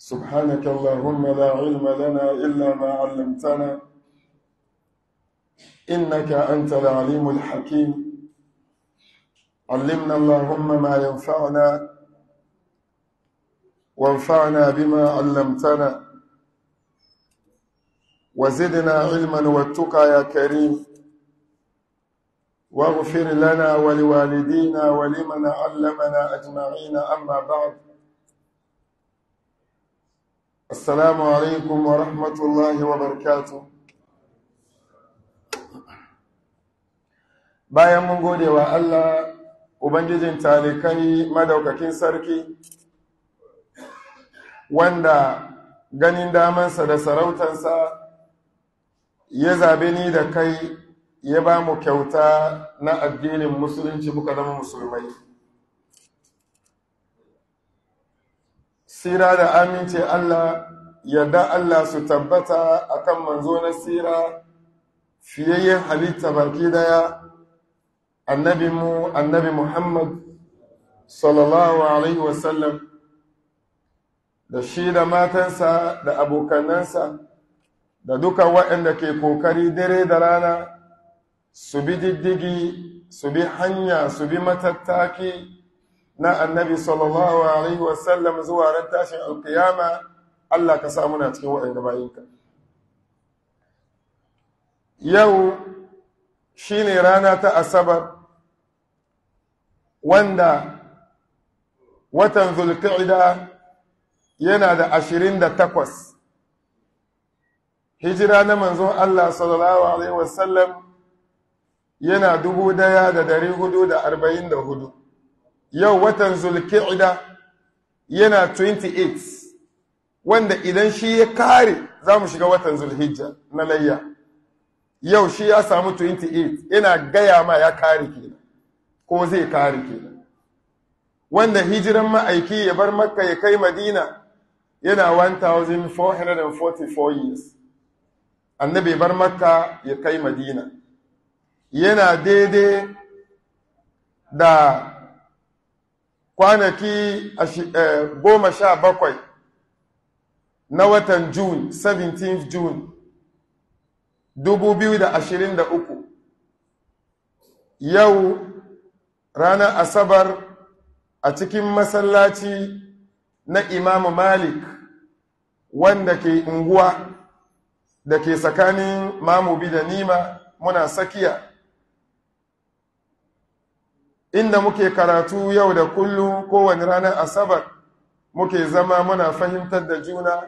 سبحانك اللهم لا علم لنا إلا ما علمتنا إنك أنت العليم الحكيم علمنا اللهم ما ينفعنا وانفعنا بما علمتنا وزدنا علما واتقى يا كريم واغفر لنا ولوالدينا ولمن علمنا أجمعين أما بعد السلام عليكم ورحمة الله وبركاته bayan mun gode wa Allah Ubangijin talikani madaukakin sarki wanda ganin damansa da sarautansa ya zabe ni da kai ya ba mu kyauta na addinin musulunci muka zama musulmai. sira da aminci Allah yarda Allah su tabbata akan manzo na sira fiyayyen halitta baki daya annabi mu annabi Muhammad sallallahu alaihi wasallam da shi da matansa da abokanansa da duka waɗanda ke kokari dare da rana su bi diddigi su bi hanya su bi matattaki na annabi sallallahu alaihi wasallam zuwa ran tashin alkiyama Allah ka sa muna cikin waɗanda bayinka yau shine rana ta asabar wanda watan zulqa'da yana da ashirin da takwas hijira na manzon Allah sallallahu alaihi wasallam yana dubu daya da dari hudu da arba'in da hudu yau watan zulki'ida yana 28 wanda idan shi ya kare za mu shiga watan zulhijja na layya yau shi ya samu 28 yana gaya ma ya kare kenan ko zai kare kenan wanda hijiran ma'aiki ya bar makka ya kai madina yana 1444 years annabi bar makka ya kai madina yana daidai da kwanaki eh, goma sha bakwai na watan June, 17th June, 2023. Yau ranar Asabar a cikin masallaci na Imam Malik wanda ke unguwa da ke tsakanin mamobi da nima muna sakiya. inda muke karatu yau da kullu kowane ranar asabar muke zama muna fahimtar da juna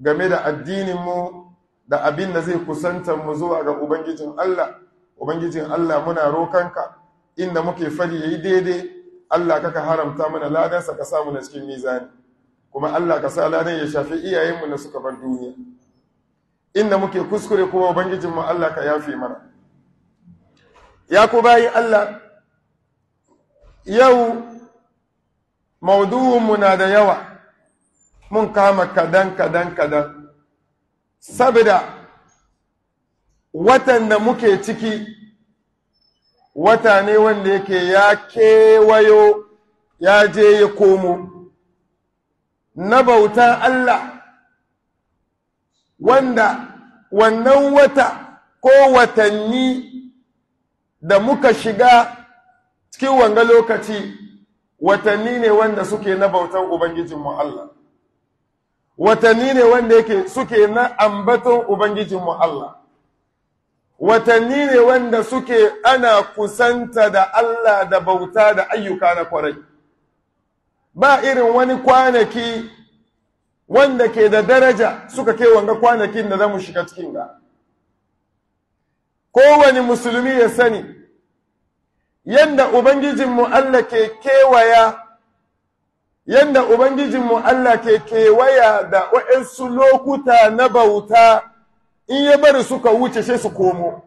game da addininmu da abin da zai kusantar mu zuwa ga ubangijin Allah ubangijin Allah muna rokanka inda muke fari yayi daidai Allah kaka haramta mana ladansa ka samu na cikin mizani kuma Allah ka sa ladan ya shafi iyayenmu na suka bar duniya inda muke kuskure kuma ubangijinmu Allah ka yafe mana ya ku bayi Allah yau maudu'unmu na da yawa mun kama kadan kadan kadan saboda watan da muke ciki wata ne wanda yake ya kewayo ya je ya komo na bautan Allah wanda wannan wata ko watanni da muka shiga cikin wanga lokaci watanni ne wanda suke na bautan ubangijinmu Allah watanni ne wanda suke na ambaton ubangijinmu Allah watanni ne wanda suke ana kusanta da Allah da bauta da ayyuka na kwarai ba irin wani kwanaki wanda ke da daraja suka ke wanga kwanakin da za mu shiga cikin ga kowane musulmi ya sani yanda ubangijinmu Allah ke kewaya yanda ubangijinmu Allah ke kewaya da waɗansu lokuta na bauta in ya bari suka wuce shi su komo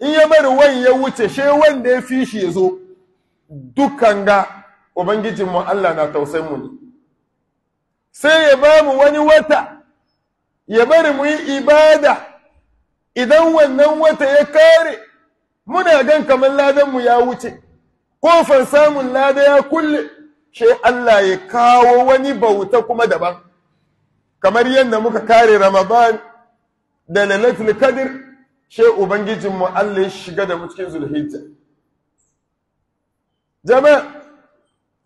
in ya bari wani ya wuce shi wanda ya fi shi zo dukkan ga ubangijinmu Allah na tausayin mu ne sai ya ba mu wani wata ya bari mu yi ibada idan wannan wata ya kare muna gan kamar ladanmu ya wuce kofar samun lada ya kulle shi Allah ya kawo wani bauta kuma daban kamar yadda muka kare Ramadan da Lailatul Qadr ubangijinmu Allah ya shiga da cikin Zulhijja jama'a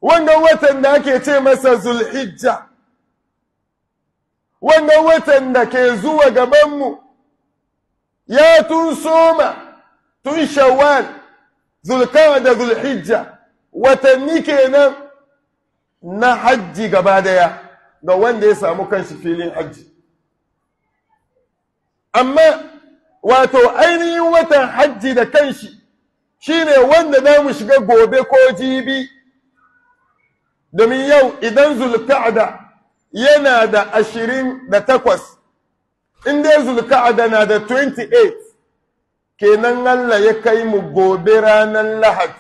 wannan watan da ake ce masa Zulhijja wannan watan da ke zuwa gabanmu ya tun soma tun shawwal da zulhijja watanni kenan na hajji gaba daya ga wanda ya samu kanshi filin hajji amma wato ainihin watan hajji da kanshi shine wanda za mu shiga gobe ko jibi domin yau idan zulka'ada yana da ashirin da takwas in dai zulka'ada na da 28 kenan Allah ya kai mu gobe ranar lahad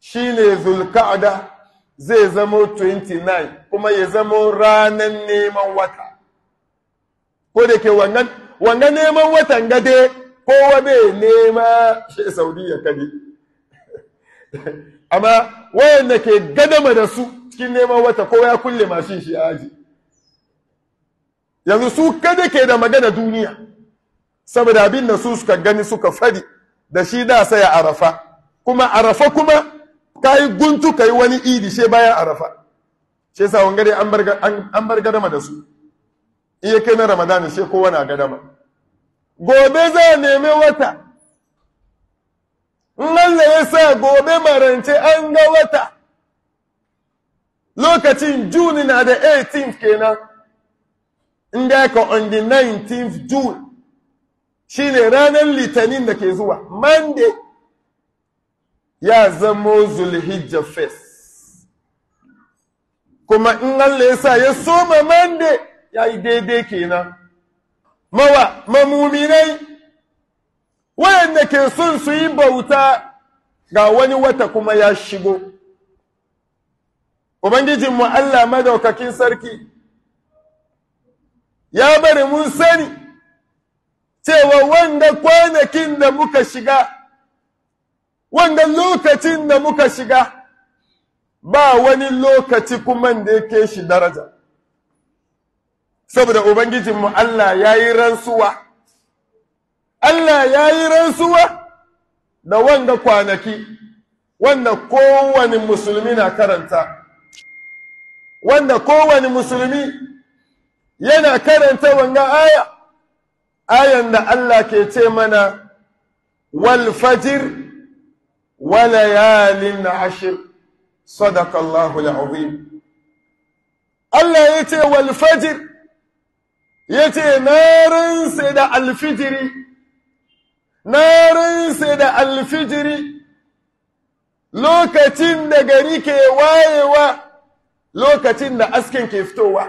shi ne zulka'ada zai zamo 29 kuma ya zamo ranar neman wata ko da ke wannan neman watan gade kowa bai nema shi saudiya kade amma wayanda ke gadama da su cikin neman wata kowa ya kulle mashin shi aji yanzu su kada ke da magana duniya saboda abin da su suka gani suka fadi da shi da sai a arafa kuma arafa kuma ka yi guntu ka yi wani idi she bayan arafa she sa wanga dai an bar gadama da su in ya kai na ramadan she kowa na gadama gobe za a nemi wata in ya sa gobe marance an ga wata lokacin juni na da 18th kenan in da ka on the 19th june ne ranar litinin da ke zuwa monday ya zamo zulhijja fes kuma in Allah ya sa ya soma mande ya yi daidai kenan mawa mamuminai wayanda ke son su yi bauta ga wani wata kuma ya shigo ubangijinmu Allah madaukakin sarki ya bari mun sani cewa wanda kwanakin da muka shiga wanda lokacin da muka shiga ba wani lokaci kuma da yake shi daraja saboda ubangijinmu Allah ya yi rantsuwa Allah ya yi rantsuwa da wanda kwanaki wanda kowane musulmi na karanta wanda kowane musulmi yana karanta wanga aya ayan da Allah ke ce mana wal fajir wa layalin ashir sadaqallahu al'azim Allah ya ce wal fajir ya ce na da alfijiri narin sai da alfijiri lokacin da gari ke wayewa lokacin da askin ke fitowa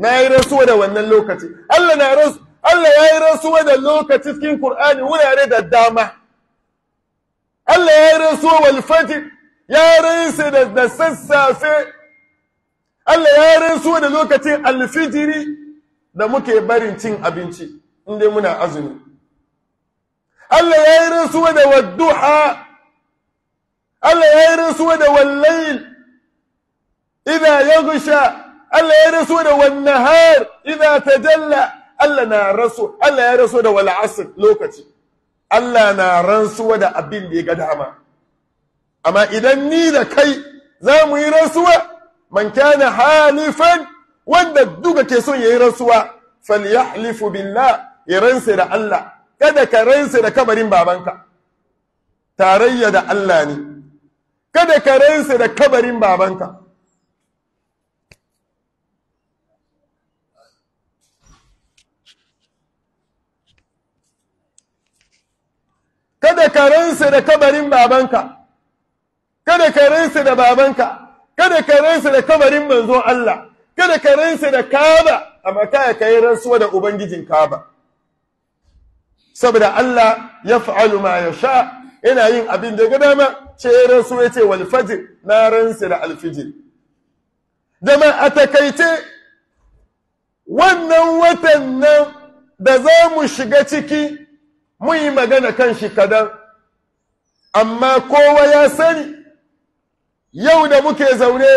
na yi rasuwa da wannan lokaci Allah na rasu Allah ya yi rasuwa da lokaci cikin Kur'ani wurare da dama. Allah ya yi rasuwa walfati, ya rinsa da, da sassafe, Allah ya yi rasuwa da lokacin alfijiri da muke barin cin abinci, inda muna azumi. Allah ya yi rasuwa da wadduha, Allah ya yi rasuwa da wallayil. idan ya gusha, Allah ya yi rasuwa da wannahar, idan ta jalla. Allah na rasu, Allah ya rasu da wala asir lokaci Allah na ransuwa da abin da ya ga dama amma idan ni da kai za mu yi rasuwa man kana halifan wanda duka ke son yayi rasuwa falyahlifu billah ya ransa da Allah kada ka ransa da kabarin babanka tarayya da Allah ne kada ka ransa da kabarin babanka kada ka ransa da kabarin babanka kada ka ransa da babanka kada ka ransa da kabarin manzo Allah kada ka ransa da Kaaba amma kai kai rasuwa da ubangijin Kaaba saboda Allah ya fa'alu ma sha, ina yin abin da ga dama ce rasu yace wal fajr na ransa da alfijir jama'a a takaice wannan watan nan da za mu shiga ciki mun yi magana kan shi kadan amma kowa ya sani yau da muke zaune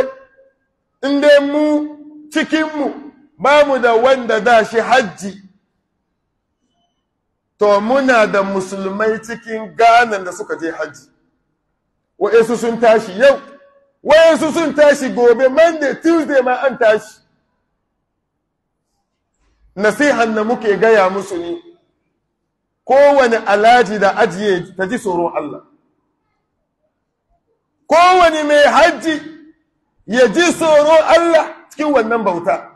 in mu cikinmu ba mu da wanda da shi hajji to muna da musulmai cikin ganan da suka je hajji wa'insu sun tashi yau wa'insu sun tashi gobe monday tuesday ma an tashi nasihan da muke gaya musu ne kowane alaji da ajiye ta ji tsoron Allah kowane mai hajji ya ji tsoron Allah cikin wannan bauta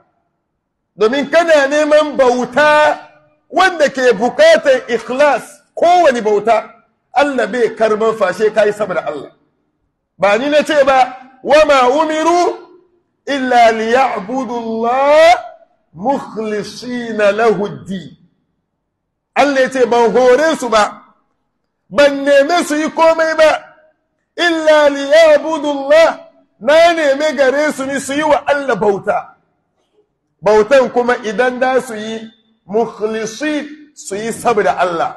domin kana neman bauta wanda ke bukatar ikhlas kowane bauta Allah bai karban fashe sama saboda Allah ba ni na ce ba wama umiru illa liya'budu Allah mukhlisina lahu ad Allah ya ce ban hore su ba ban neme su yi komai ba illa Allah na neme gare su ni su yi wa Allah bauta bautan kuma idan da su yi mukhlisi su yi saboda Allah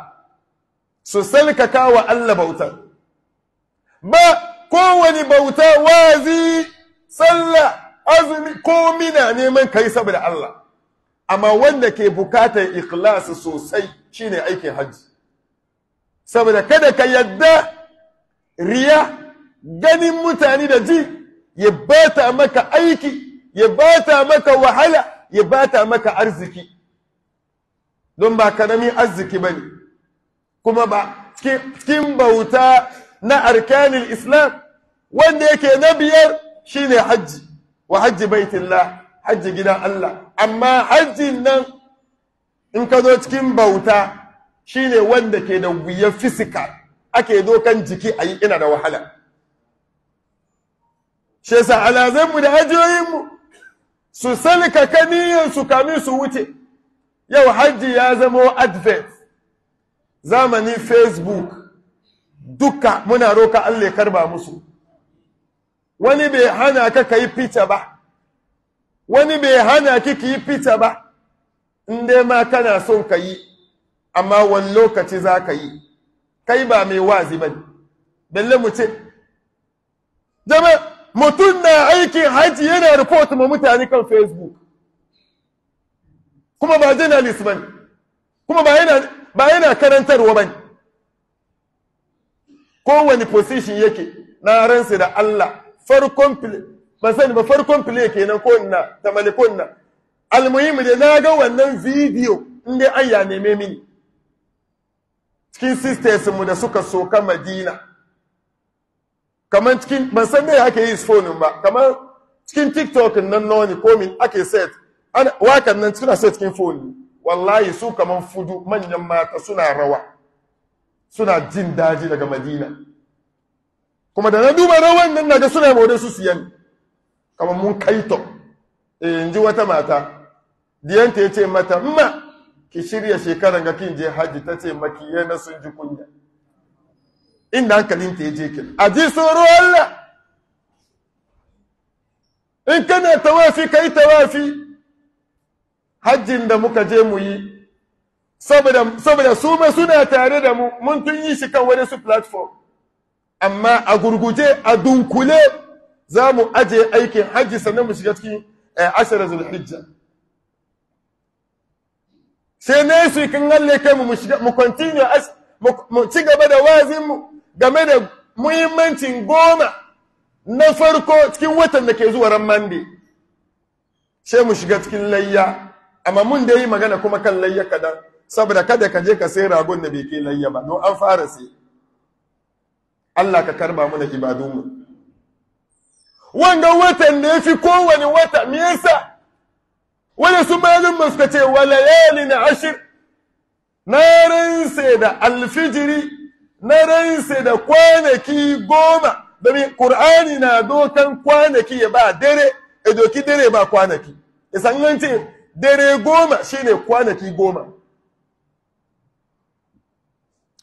su salkaka wa Allah bautan ba kowane bauta wazi sallah azumi ko na neman kai saboda Allah amma wanda ke bukatar ikhlasi sosai shine aikin hajji saboda kada ka yadda riya ganin mutane da ji ya bata maka aiki ya bata maka wahala ya bata maka arziki don ba karamin arziki ba ne. kuma ba cikin bauta na arkanin islam wanda yake na biyar shine hajji wa hajji baitillah hajji gidan Allah amma hajjin nan in ka zo cikin bauta shine wanda ke da wuya physical ake dokan jiki a yi ina da wahala shi sa alazanmu da ajiyoyinmu su salka kaniyan su kami su wuce yau hajji ya zama advent Zamani facebook duka muna roka allah karba musu wani bai hana ka ka yi fita ba wani bai hana ki ki yi ba in dai ma kana son ka yi amma wani lokaci za ka yi kai ba mai wazi ba balle mu ce jama mutum na aikin haji yana report ma mutane kan facebook kuma ba journalist ba kuma ba yana ba yana karantarwa ba kowane position yake na ransa da Allah farkon ba sani ba farkon play kenan ko ina ta malikon nan almuhimmi da na ga wannan video inda an ya neme mini cikin sisters mu da suka soka madina kamar cikin ban san dai ake yi phone ba kamar cikin tiktok nan noni ko min ake set wakan nan suna set cikin phone wallahi su kamar fudu manyan mata suna rawa suna jin daji daga madina kuma da na duba rawan nan naga suna mawadai su siyan kamar mun kaito eh, in ji wata mata diyanta ya ce mata ma ki shirya shekaran ga kin je haji ta ce makiyai na sun ji kunya inda hankalin ta ya je kin a ji tsoro Allah in kana tawafi ka tawafi hajjin da muka je mu yi saboda su ma suna tare da mu mun tun yi shi kan wani su platform amma a gurguje a dunkule za mu aje aikin hajji sannan mu shiga cikin eh, ashirar zulhijja sai na su kan Allah kai mu mu continue as mu ci gaba da wazin mu game da muhimmancin goma na farko cikin watan da ke zuwa ran mande sai mu shiga cikin layya amma mun da yi magana kuma kan layya kadan saboda kada ka je ka sai ragon da bai kai layya ba don an fara sai Allah ka karba mu da ibadunmu wanga watan da ya fi kowane wata me yasa wani su malin suka ce walayali na ashir na ransa da alfijiri na ransa da kwanaki goma domin ƙur'ani na dokan kwanaki ya ba dare ya doki dare ba kwanaki isan an ce dare goma shine kwanaki goma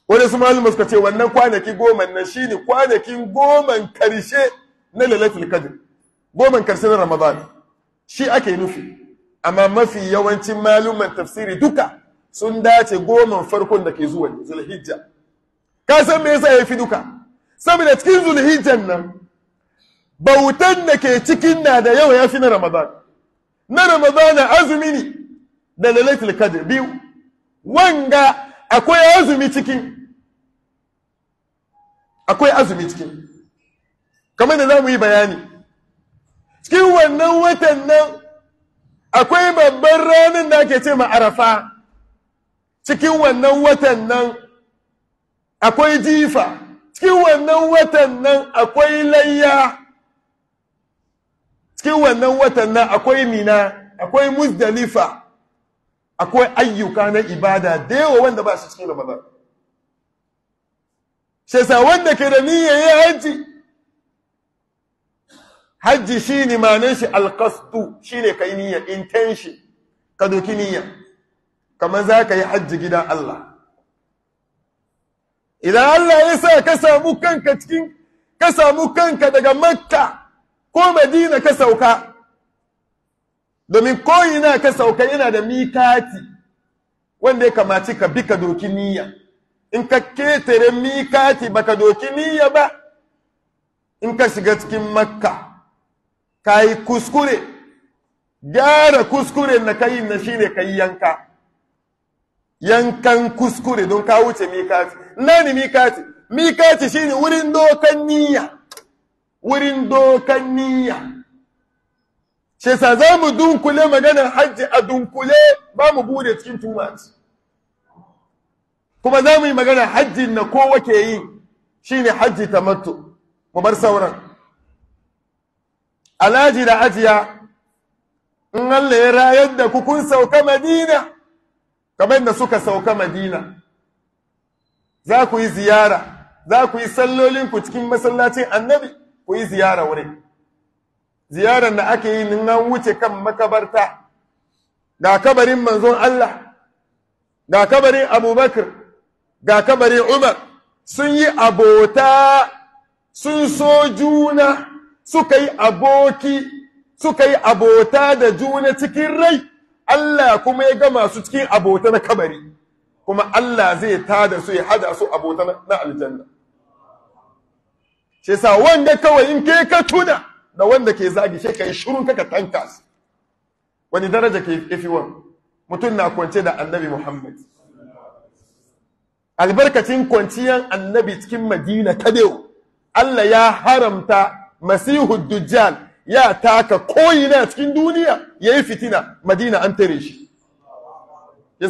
wani su malin suka ce wannan kwanaki goma na shine kwanakin goman karshe na lalatul kadir goman karshe na ramadan shi ake nufi amma mafi yawancin maluman tafsiri duka sun dace goma farkon da ke zuwa zulhijja ka san me yasa ya fi duka saboda cikin zulhijjan nan bautan da ke cikin na da yawa ya fi na ramadan na ramadan azumi ne da lalatul qadr biyu wanga akwai azumi cikin akwai azumi cikin kamar da za mu yi bayani cikin wannan watan nan akwai babban ranar da ake ce ma'arafa arafa cikin wannan watan nan akwai jifa cikin wannan watan nan akwai layya cikin wannan watan nan akwai mina akwai muzdalifa akwai ayyuka na ibada da yawa wanda ba su cikin ramadan shesa wanda ke da niyyar yi hajji hajji shi ne manan shi alkastu shi ne ka yi niyya intention ka doki niyya kamar za ka yi hajji gidan Allah idan Allah ya sa ka samu kanka cikin ka samu kanka daga makka ko madina ka sauka domin koyina ka sauka yana da mikati wanda ya kamaci ka bi ka doki niyya in ka ketare mikati ka doki niyya ba in ka shiga cikin makka ka yi kuskure gyara kuskure na yi na shi ne ka yi yanka yankan kuskure don ka wuce mikati nani mikati mikati ne wurin dokan niyya wurin dokan niyya Shesa za mu dunkule maganar hajji a dunkule ba mu bude cikin tumat. kuma za mu yi maganar hajji na kowa ke yi Shi ne hajji matu. mu bar sauran alhaji da ajiya in Allah ya rayar da ku kun sauka madina kamar da suka sauka madina za ku yi ziyara za ku yi ku cikin masallacin annabi ku yi ziyara wuri. ziyarar da ake yi nan an wuce kan makabarta ga kabarin manzon Allah ga kabarin abubakar ga kabarin umar sun yi abota sun so juna suka yi aboki suka yi abota da juna cikin rai Allah kuma ya gama su cikin abota na kabari kuma Allah zai tada su ya hada su abota na aljanna shi wanda kawai in kai ka tuna da wanda ke zagi shi kai shirun kaka tanka su wani daraja ke ifi mutum na kwance da annabi Muhammad albarkacin kwanciyar annabi cikin Madina kadewo Allah ya haramta masihu dujjal ya taka koyina cikin duniya ya yi fitina madina an tare shi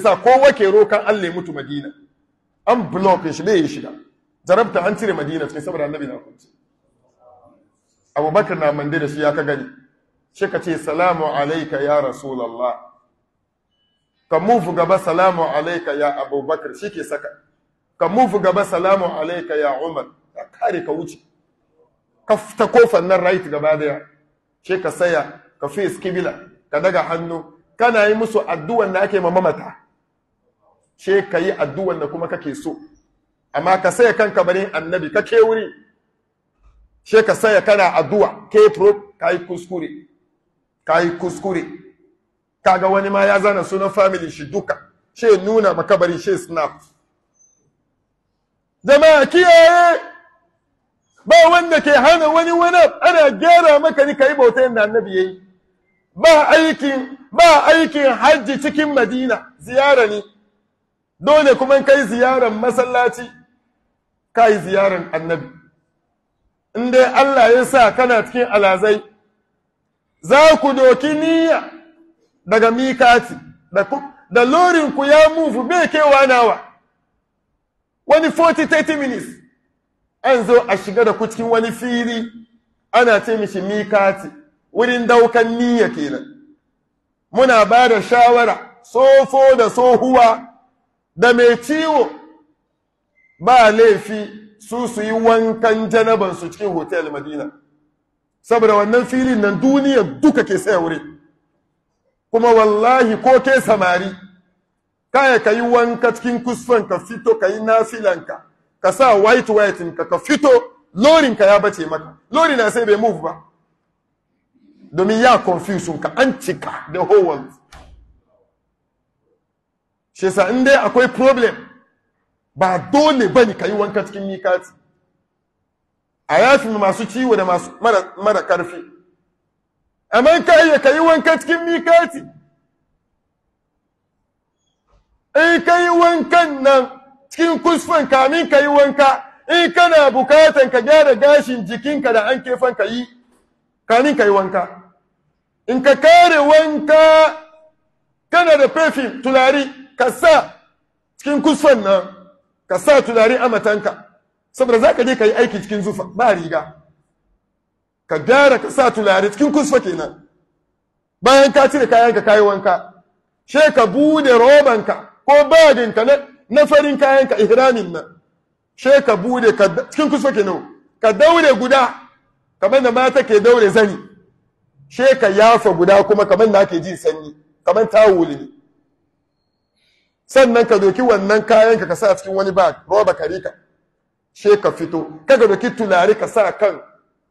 sa kowa ke rokan Allah ya mutu madina an blokin shi bai shiga jarabta an cire madina cikin saboda annabi na kunci abubakar na mande da shi ya ka gani shi ka ce salamu alaika ya rasulallah ka mufu gaba salamu alaika ya abubakar shi ke saka ka mufu gaba salamu alaika ya umar ka kare ka wuce ka ta kofan nan right gaba daya ce ka saya ka fi ka daga hannu kana yi musu addu'an da ake mamamata ce ka yi addu'an da kuma kake so amma ka saya kan kabarin annabi ka ke wuri she ka saya kana addu'a ke pro yi kuskure yi kuskure kaga wani ma ya zana sunan family shi duka ce nuna makabari she snap jama'a kiyaye ba wanda ke hana wani wani ana gyara maka ni kai bauta yadda annabi yi ba aikin ba aikin hajji cikin madina ziyara ne dole kuma kai ziyaran masallaci kai ziyaran annabi in dai Allah ya sa kana cikin alazai za ku doki niyya daga mikati da da lorin ku ya mufu bai kewa nawa wani 40 30 minutes an zo a shiga da ku cikin wani fili ana ce mishi mikati wurin daukan niyya kenan muna ba da shawara tsofo da tsohuwa da mai ciwo ba laifi su su yi wankan janabansu cikin hotel madina saboda wannan filin nan duniya duka ke sai wuri kuma wallahi ko ke samari kaya ka yi wanka cikin kusfanka fito ka yi nafilanka ka sa white white ka ka fito lorin ka ya bace maka lori na sai bai move ba domin ya confusion ka an cika the whole world shi sa in dai akwai problem ba dole bane ka yi wanka cikin mikati a yafi masu ciwo da masu mara, karfi amma ka iya ka yi wanka cikin mikati in ka yi wankan nan cikin kusfan kamin ka yi wanka in kana bukatan ka gyara gashin jikinka da an kefan ka yi kamin ka yi wanka in ka kare wanka kana da perfume tulari ka sa cikin kusfan nan ka sa tulari a matanka saboda za ka je ka yi aiki cikin zufa ba riga ka gyara ka sa tulari cikin kusfa kenan bayan ka cire kayanka kayi wanka she ka bude robanka ko baginka na na farin kayan ka ihramin nan she ka bude ka cikin kusa ke nan ka daure guda kamar da mata ke daure zani she ka yafa guda kuma kamar da ake jin sanyi kamar tawuli sannan ka doki wannan kayan ka ka sa cikin wani bag roba karika she ka fito kaga doki tulare ka sa kan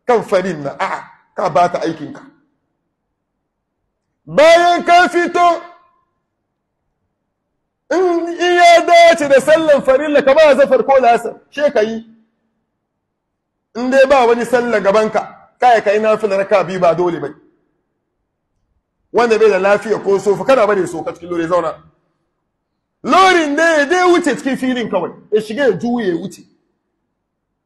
kan farin na a'a ka bata aikinka bayan ka fito in ya dace da sallan farilla ka ba zafar ko lasar she ka yi in dai ba wani sallah gabanka kai kai fi laraka biyu ba dole bai wanda bai da lafiya ko sofa kana bane soka cikin lori zauna lorin ne dai wuce cikin filin kawai ya shiga ya juye wuce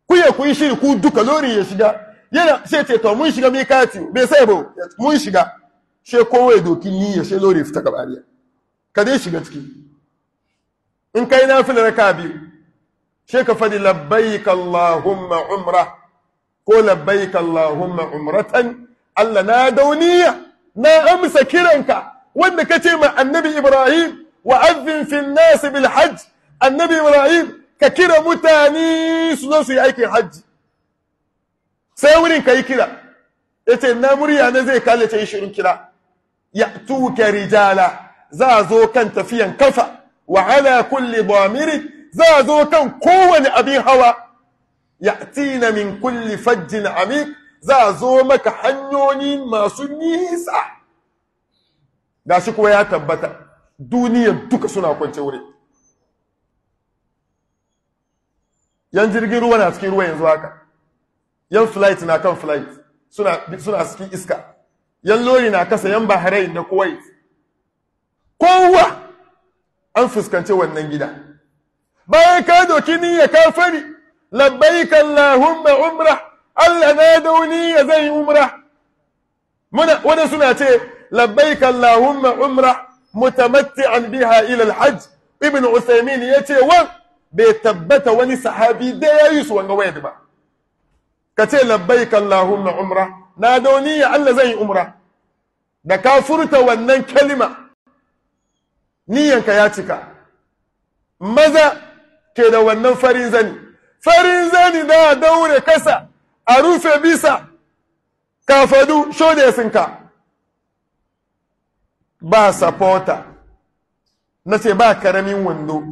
ku ya ku yi shiri ku duka lori ya shiga yana sai ce to mun shiga katiyo bai sai ba mun shiga she kowa ya doki niyya she lori fita gabariya ka dai shiga ciki in kai na raka biyu sai ka faɗi labbaik umra ko labbaik umratan Allah na dauniya na amsa kiranka wanda ka ce ma annabi Ibrahim wa azin fil nas bil hajj annabi Ibrahim ka kira mutane su zo su yi aikin hajji sai wurin ka yi kira yace na murya na zai kalle ta yi shirin kira ya tuka rijala za a zo kan tafiyan kafa wa ala kulli damiri za a zo kan kowane abin hawa tina min kulli fajjin amik za a zo maka hanyoyi masu nisa da shi kuwa ya tabbata duniyar duka suna kwance wuri yan jirgin ruwa na cikin ruwa yanzu haka yan flight na kan flight suna, suna cikin iska yan lori na kasa yan bahrain da kuwait kowa an fuskanci wannan gida bayan ka doki niyya ka fari labbaik allahumma umra Allah na dau niyya zan yi umra muna wani suna ce labbaik allahumma umra mutamatti'an biha ila alhajj ibn usaymin yace wa bai tabbata wani sahabi da yayi su wanga wayar ba kace labbaik allahumma umra na dau niyya Allah zan yi umra da ka furta wannan kalima niyanka ya cika maza ke da wannan farin zani farin zani da daure kasa a rufe bisa kafadu sinka ba sapota na ce ba karamin wando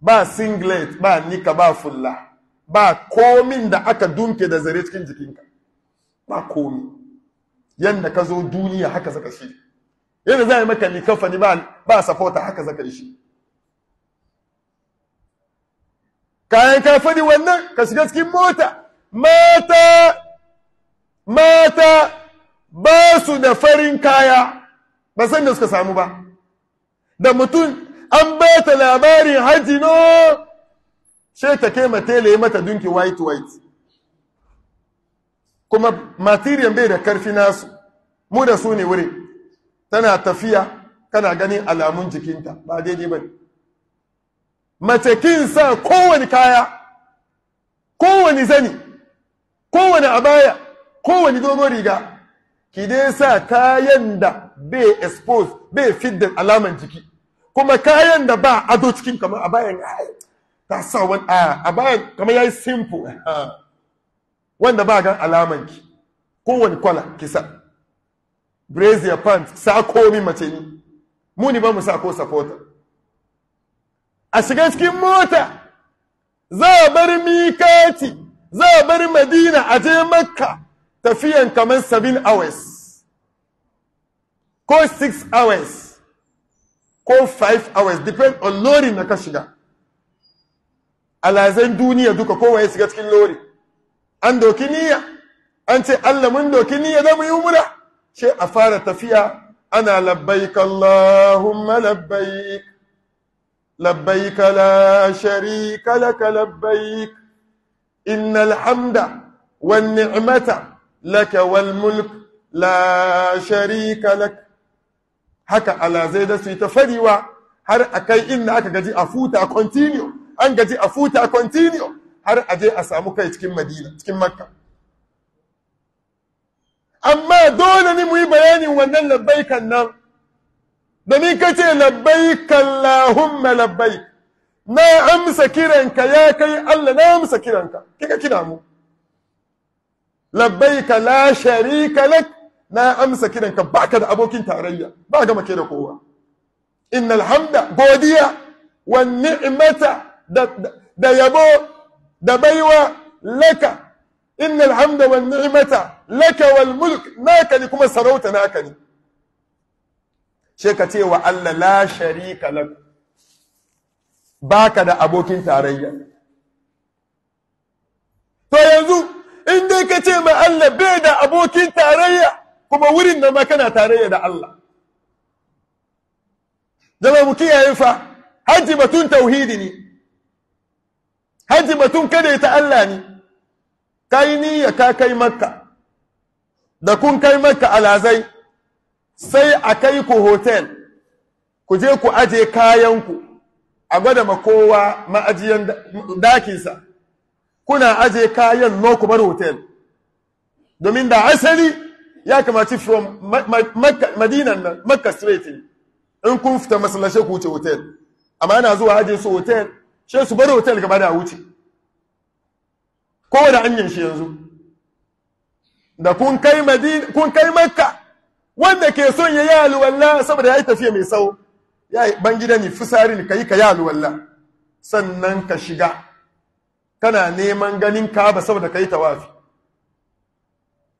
ba singlet ba nika ba fulla ba komin da aka dunke da zare cikin jikinka ba komi yadda ka zo duniya haka zaka shi yadda za a yi maka likafani ba safota haka zaka shi kayan ka faɗi wannan ka shiga cikin mota mata mata ba su da farin kaya ba san da suka samu ba da mutum an ba ta labarin haji no sai ta kai matele mata dunki white white kuma matiriyan bai da karfi nasu mu da su ne wuri tana tafiya kana ganin alamun jikinta ba daidai ba ne mace kin sa kowani kaya kowani zani kowane abaya kowani dogon riga ki dai sa kayan da bai expose bai da alaman jiki kuma kayan da ba ado cikin kamar abayan ta sa wani abayan kamar yi simple wanda ba gan alaman ki kowane kwala kisa sa brazier pant sako mace ni mu ni ba mu sako supporter a shiga cikin mota za a bar mikati za a bar madina a je makka tafiyan kamar 7 hours ko 6 hours ko 5 hours depend on lori na ka shiga alazan duniya duka kowa ya shiga cikin lori an doki niyya an ce allah mun doki niyya za mu yi umra sai a fara tafiya ana labbaik Allahumma labbaik labbaik la sharika laka labbaik innal hamda wan ni'mata laka wal mulk la sharika lak haka ala zai da su ta fariwa har akai inda aka gaji a futa continue an gaji a futa continue har aje a samu kai cikin Madina cikin Makka amma dole ne mu yi bayanin wannan labbaikan nan domin ka ce labbaikan lahumma labbai na amsa kiranka ya kai Allah na amsa kiranka kika kina mu labbaika la sharika lak na amsa kiranka baka da abokin tarayya ba gama make da kowa innal hamda godiya wan ni'mata da yabo da baiwa laka innal hamda wan ni'mata laka wal mulk naka ne kuma sarauta naka ne she ka ce wa Allah la sharika lak baka da abokin tarayya to yanzu in dai ka ce ma Allah bai da abokin tarayya kuma wurin da ma kana tarayya da Allah zama mu kiyaye fa hajji batun tauhidi ne hajji batun kada ta Allah ne kai ya ka kai makka da kun kai maka alazai sai a kai ku hotel ku je ku aje kayanku a gwada makowa kowa ma'ajiyan dakinsa kuna aje kayan no bar hotel domin da asali ya kamaci from madinan nan makka straight in kun fita masallashe ku wuce hotel amma yana zuwa aje su hotel shi su bar hotel gaba da wuce kowane anyan shi yanzu da kun kai madina kun kai makka wanda ke son ya yi alwala saboda ya yi tafiya mai tsawo ya yi bangida ne fusari ne ka yi ka yi alwala sannan ka shiga kana neman ganin Kaaba saboda ka yi tawafi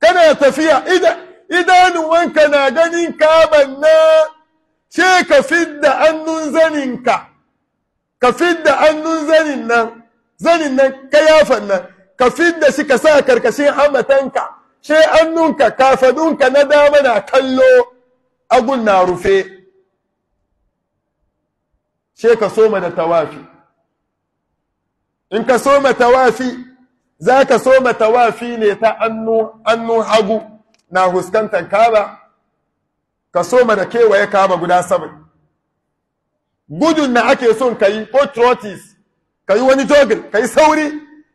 kana tafiya wanka na ganin kaban na ce ka fidda annun zanin ka ka fidda annun zanin nan zanin nan kayafan nan ka fidda shi ka sa karkashin hamatanka she annunka kafadunka na dama na kallo agun na rufe sai ka soma da tawafi in ka soma tawafi za ka soma tawafi ne ta annun hagu na huskantar kaba ka soma da kewaye kaba guda saba'in gudun na ake son ka yi ko trotis ka yi wani jogin ka yi sauri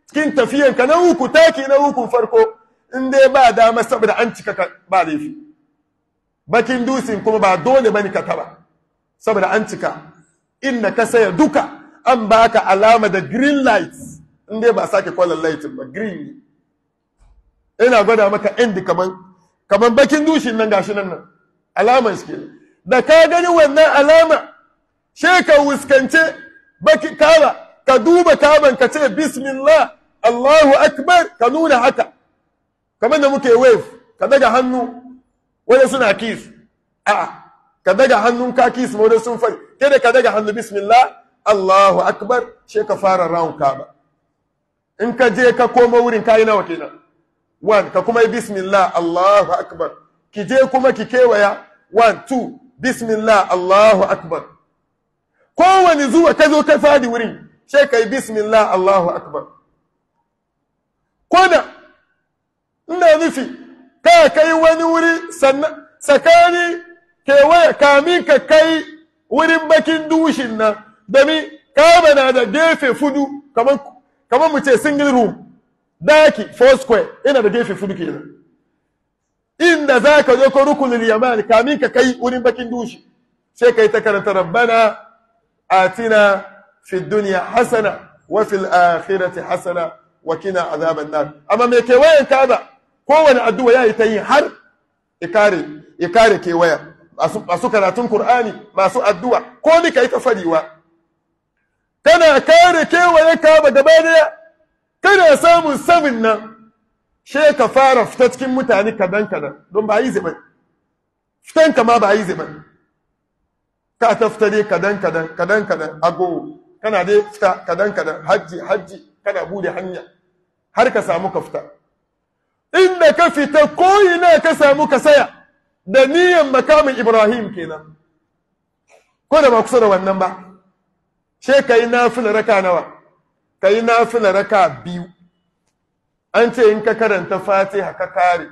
cikin tafiyanka na uku taki na uku farko in dai ba dama saboda an cika ba laifi bakin dusin kuma ba dole bane ka taba saboda an cika inna ka saya duka an baka alama da green light in dai ba sake kwallon light ba green ne ina gwada maka indi kaman kaman bakin dushin nan gashi nan nan alaman shi kenan da ka gani wannan alama she ka wuskance baki kaba ka duba kaban ka ce bismillah Allahu akbar ka nuna haka kamar da muke wave ka daga hannu wani suna Kisu. a ka daga hannun ka ma wani sun fari Ke da ka daga hannu bismillah Allahu akbar she ka fara round ka ba in ka je ka koma wurin kayi nawa kenan one ka kuma yi bismillah Allahu akbar ki je kuma ki kewaya one two bismillah Allahu akbar kowane zuwa ka zo ka fadi wurin she ka yi bismillah Allahu akbar ko da ina nufi ka kai wani wuri tsakani kewaye kamin ka kai wurin bakin dushin nan domin kama na da gefe fudu kamar mu ce single room daki four square ina da gefe fudu nan. inda za ka zo ko rukunin yamal kamin ka kai wurin bakin dushi sai ka yi ta karanta rabbana atina fi duniya hasana wa fil akhirati hasana wa kina azaban nar amma me kewayen kaba kowane addu'a yayi ta yi har ya kare kewaya masu karatun Kur'ani masu addu'a ko ni ka yi ta fariwa kana kare kewaye ka ba gaba daya kana samun sabin nan shi ka fara fita cikin mutane kadan kadan don ba yi zibai fitan ka ma ba yi zibai ka ta fita dai kadan kadan kadan kadan ago kana dai fita kadan kadan hajji hajji kana bude hanya har ka samu ka fita inda ka fita ko ina ka samu ka saya da niyyar makamin Ibrahim kenan ko da ba kusa da wannan ba she yi nafila raka nawa kai nafila raka biyu an ce in ka karanta Fatiha ka kare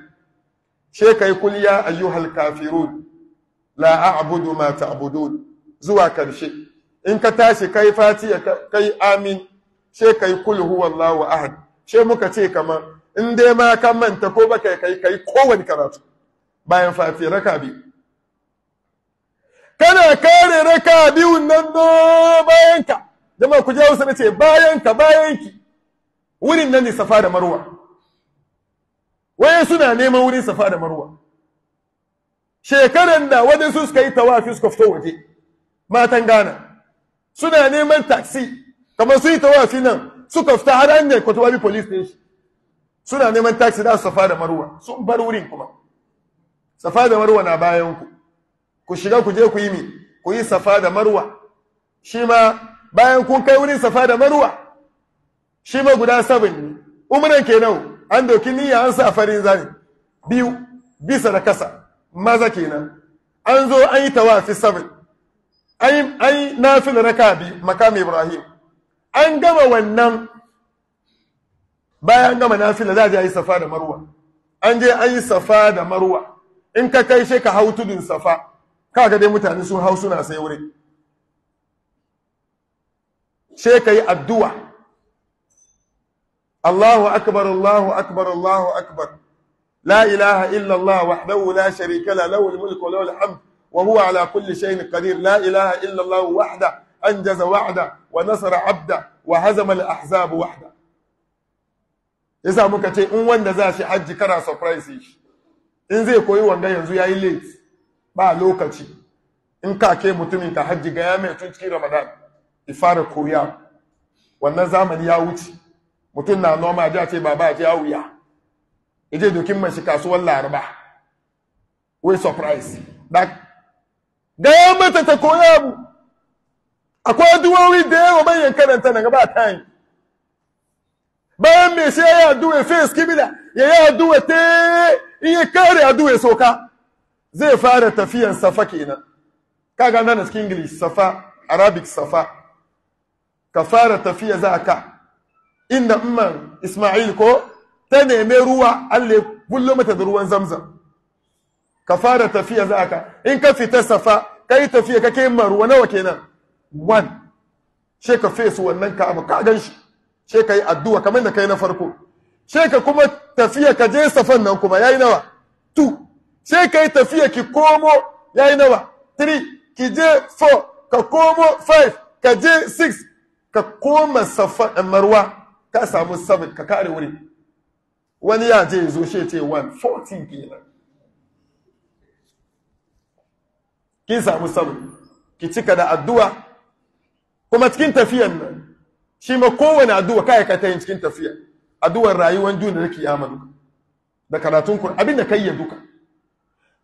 she ka yi kuliya ayyuhal kafirun la a'budu ma ta'budun zuwa karshe in ka tashi kai Fatiha kai amin she kai kul huwallahu ahad she muka ce kamar in dai ma kan manta ko ba kai kai kai kowane karatu bayan fafi raka biyu kana kare raka biyu nan do bayan ka jama ku je Hausa nace bayan ka bayan ki wurin nan ne safa da marwa waye suna neman wurin safa da marwa shekaran da su suka yi tawafi suka fito waje matan Ghana suna neman taxi kamar su yi tawafi nan suka fita har an ne bi police station suna neman taxi da safa da marwa sun bar wurin kuma safa da marwa na bayan ku ku shiga ku je ku yi mi ku yi safa da marwa shi ma bayan kun kai wurin safa da marwa shi ma guda sabin ne umran kenan an doki niyya an sa farin zani biyu bisa da kasa maza kenan an zo an yi tawafi sabin an yi nafil raka bi makam ibrahim an gama wannan bayan gama nafila za a je a yi safa da marwa an je an yi safa da marwa in ka kai shi ka hau tudun safa Ka ga dai mutane sun hau suna sai wuri she ka yi addu'a Allahu akbar Allahu akbar Allahu akbar la ilaha illallah, Allah wahdahu la sharika la lahu al-mulku wa lahu al-hamd wa huwa ala kulli shay'in qadir la ilaha illallah, Allah wahda anjaza wa'da wa nasara 'abda wa hazama al-ahzab wahda ya sa muka ce in wanda za shi hajji kana surprise shi in zai koyi wanda yanzu ya yi late ba lokaci in ka ke mutumin ka hajji ga ya mai tun cikin ramadan ya fara koya wannan zamani ya wuce mutum na noma ya ce baba ya wuya ya je dokin mashi kasuwar laraba wai surprise gaya mata ta koya mu. akwai duwawi da yawa manyan karanta na gaba ta yi bayan me sai ya addu'a face kibila ya yi addu'a ta in ya kare addu'a soka zai fara tafiyan safa kenan kaga nan cikin english safa arabic safa ka fara tafiya za ka inda umar isma'il ko ta neme ruwa Allah ya bullo mata da ruwan zamzam ka fara tafiya za ka in ka fita safa ka yi tafiya ka kai ruwa nawa kenan one she ka fesu wannan ka abu ka gan shi sai ka yi addu'a kamar da kai na farko sai ka kuma tafiya ka je safan nan kuma yayi nawa tu sai ka yi tafiya ki komo yayi nawa Tiri. ki je four ka komo five ka je six ka koma safa eh, marwa ka samu seven ka kare wuri wani ya je zo shi ce one fourteen kenan kin samu seven ki cika da addu'a kuma cikin tafiyan nan shi ma kowane addu'a kai ka ta yin cikin tafiya addu'ar rayuwar duniya da kiyama duka da karatun Qur'an abin da kai ya duka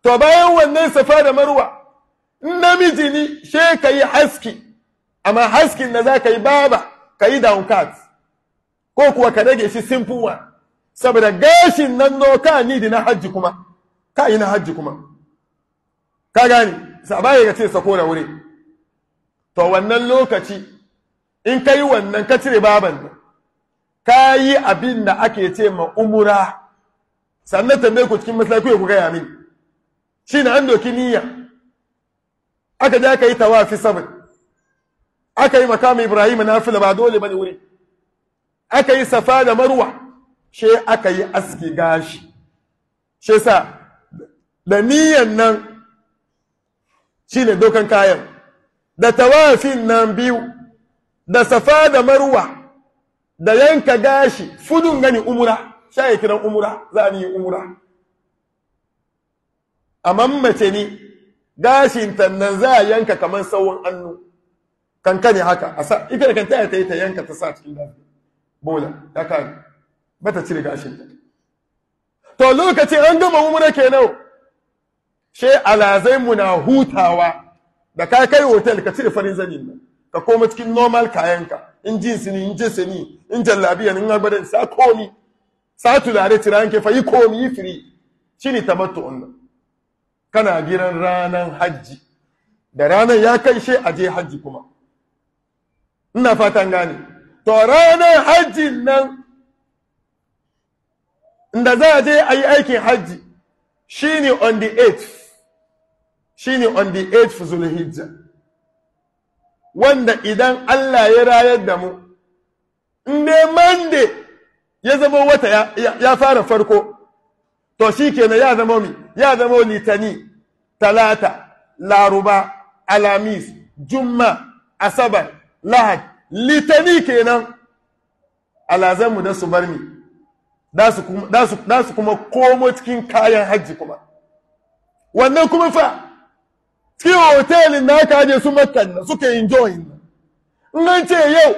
to bayan wannan safa da marwa namiji ni she ka yi haski amma haskin da za ka yi baba ka yi cut ko kuwa ka rage shi simple one saboda gashin nan noka ni da na hajji kuma ka yi na hajji kuma ka sa sabaye ga ce sako da wuri to wannan lokaci in ka yi wannan ka cire baban ka yi abin da ake ce ma umura sannan tambaye ku cikin masallaci ku gaya min shi na an doki niyya aka je aka yi tawafi sabin aka yi makamu ibrahim na fila ba dole bane wuri aka yi safa da marwa she aka yi aski gashi she sa da niyyan nan shi ne dokan kayan da tawafin nan biyu da safa da marwa da yanka gashi fudun gani umura shaye kiran umura za ni yi umura amma mace ne gashin tannan za a yanka kamar sauwan annu kankani haka a sa ita da kan ya ta yi ta yanka ta sa cikin gashi bola ta kare bata cire gashin ta to lokacin an gama umura nau she alazai muna hutawa da ka kai hotel ka cire farin zanin nan ka koma cikin normal kayanka in jinsi ni, in jese ni, in jallabiya ne in agbadan sa komi sa tulare tiran ke fa yi komi yi firi shine tamattu unna kana giran ranan hajji da ranan ya kai she aje hajji kuma ina fatan gane to ranan hajji nan inda za a je a yi aikin hajji shine on the 8th shine on the 8th zulhijja wanda idan Allah ya rayar da mu ne mande ya zama wata ya, fara farko to shi kenan ya zama mi ya zama litani talata laruba alamis jumma asabar lahad litani kenan alazanmu da su bar mi da su kuma komo cikin kayan hajji kuma wannan kuma fa cikin hotelin da aka aje su makan nan suke enjoying in an ce yau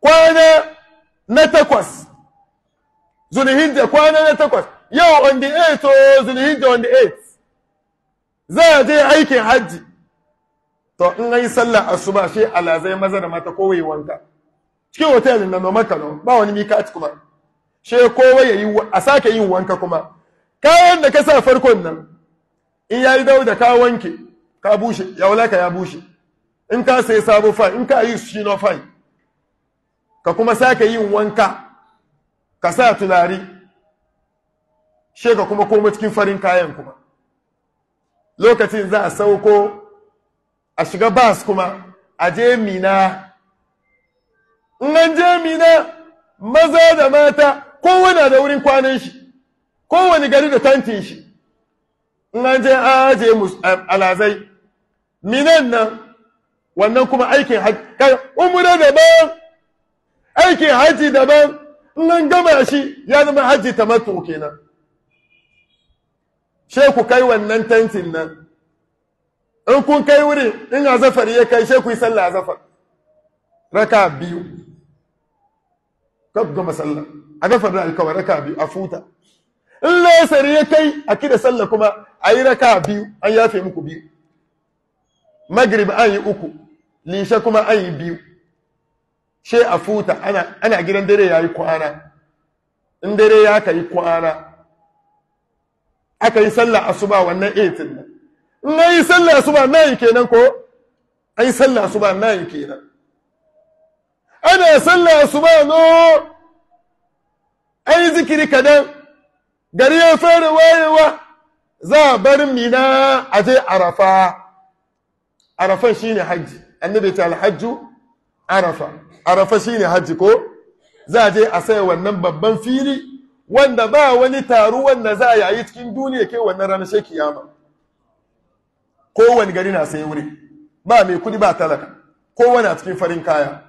kwana na takwas zulhijja kwana na takwas yau on the eight o oh, zulhijja on the eight. za a je aikin hajji to in an yi sallah ba shi alazai maza da mata kowai wanka cikin hotelin na maka ba wani mika kuma she kowa ya yi a sake yin wanka kuma kayan da ka sa farkon nan in yayi dau da ka wanke ta bushe ya wulaka ya bushe in ka sai sabo fine in ka yi shi no ka kuma sake yin wanka ka sa tunari she ka kuma koma cikin farin kayan kuma lokacin za a sauko a shiga bas kuma a je mina in an je mina maza da mata kowane da wurin kwanan shi kowane gari da tantin shi in an je aje eh, alazai minan nan wannan kuma aikin haji umra daban aikin haji daban nan gama shi ya zama haji tamattu kenan she ku kai wannan tantin nan in kun kai wuri in azafar ya kai she ku yi sallah azafar raka biyu kab gama sallah azafar da alkawar raka biyu a futa in lasar ya kai a kida sallah kuma a yi raka biyu an yafe muku biyu magrib an yi uku lishe kuma an yi biyu she a futa ana, ana gidan dare ya yi kwana in dare ya ka yi kwana aka yi sallah asuba wannan etin nan in na yi sallah asuba na yi kenan ko an yi sallah asuba na yi kenan ana sallah asuba no an yi zikiri kadan gari ya fara wayewa za a bar mina a je arafa arafan shine hajji annabi ta alhajju arafa arafa shine hajji ko za a je a sai wannan babban fili wanda ba wani taro wanda za a yi cikin duniya ke wannan ranar shi kiyama kowane gari na sai wuri ba mai kudi ba talaka kowane a cikin farin kaya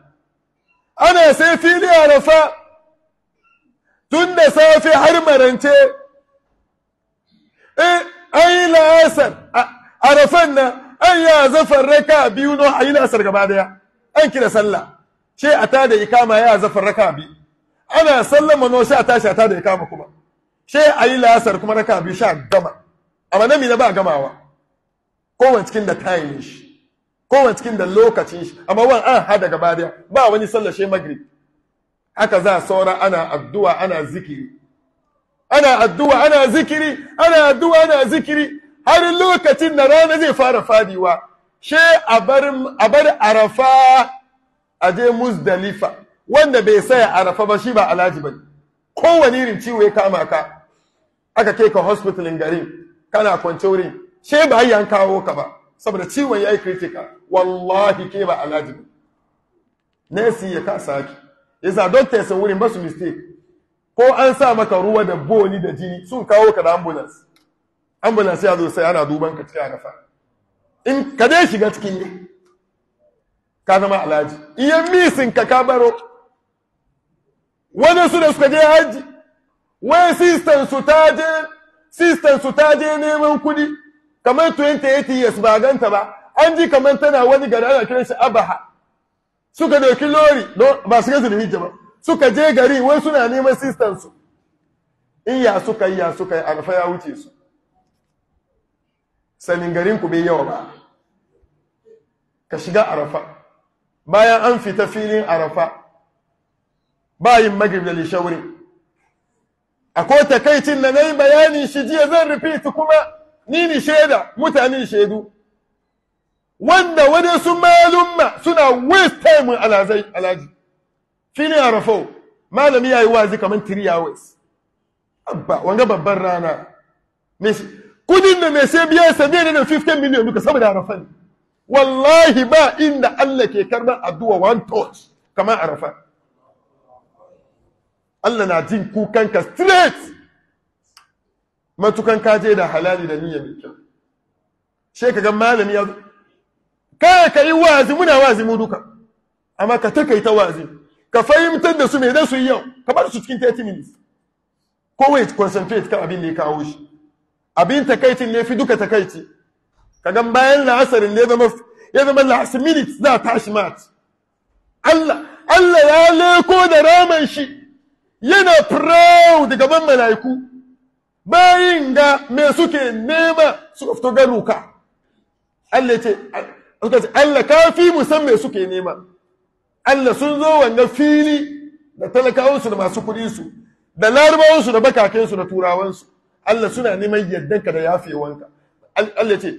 ana sai fili arafa tun da safe har marance eh an yi la'asar arafan nan an ya zafar raka biyu no a yi lasar gaba daya an kira sallah ce a da ikama ya zafar raka biyu ana sallama no sha tashi a da ikama kuma ce a yi la'asar kuma raka biyu sha gama amma na mina ba gamawa kowane cikin da time shi kowane cikin da lokacin shi amma wani an hada gaba daya ba wani sallah shi magrib haka za saura ana addu'a ana zikiri ana addu'a ana zikiri ana addu'a ana zikiri har lokacin da rana zai fara fadiwa she a bar arafa a je muzdalifa wanda bai saya arafa ba shi ba alhaji ba kowane irin ciwo ya kama ka aka kai ka hospitalin garin kana kwance wurin she ba yi kawo ka ba saboda ciwon ya yi kritika wallahi ke ba alhaji ba nesi ya ka saki yasa doctors wurin ba su mistake ko an sa maka ruwa da boni da jini sun kawo ka da ambulance ambulance ya zo sai ana duban ka ce a in ka dai shiga cikin ne ka zama alhaji iya misin ka ka baro wani su da suka je haji wai sistan su ta je sistan su ta je neman kudi kamar 28 years ba ganta ba an ji kamar tana wani gari ana kiran shi abaha suka doki lori ba su gazi da hijja ba suka je gari wai suna neman sistan su in ya suka yi ya suka yi alfa ya wuce su sanin garin ku bai yawa ba ka shiga arafa bayan an fita filin arafa bayin magrib da lishawri akwai takaicin da na yi bayanin shi jiya zan su kuma ni ni shaida mutanen shaidu wanda wani su malumma suna waste time alazai alaji filin arafa malami ya yi wazi kaman 3 hours abba wanga babban rana kudin da mai sai biya sa ne da 15 million duka saboda arafa ne wallahi ba inda Allah ke karɓar addu'a one touch kamar arafa Allah na jin kukanka straight matukan kaje da halali da niyya mai kyau sai ka ga malami ya kai ka yi wazi muna wazi mu duka amma ka ta kai ta wazi ka fahimtar da su me da su yi yau ka bar su cikin 30 minutes ko wait concentrate kan abin da ya kawo shi abin takaicin ne fi duka takaici kaga bayan la'asarin ne ya zama last minute za a tashi mat Allah Allah ya leko da raman shi yana proud gaban mala'iku bayin ga me suke nema su fito ga ruka Allah ce ce Allah ka fi mu me suke nema Allah sun zo wanga fili da talakawansu da masu kuɗinsu da larabawansu da bakakensu da turawansu Allah suna neman yardanka da yafewanka Allah ce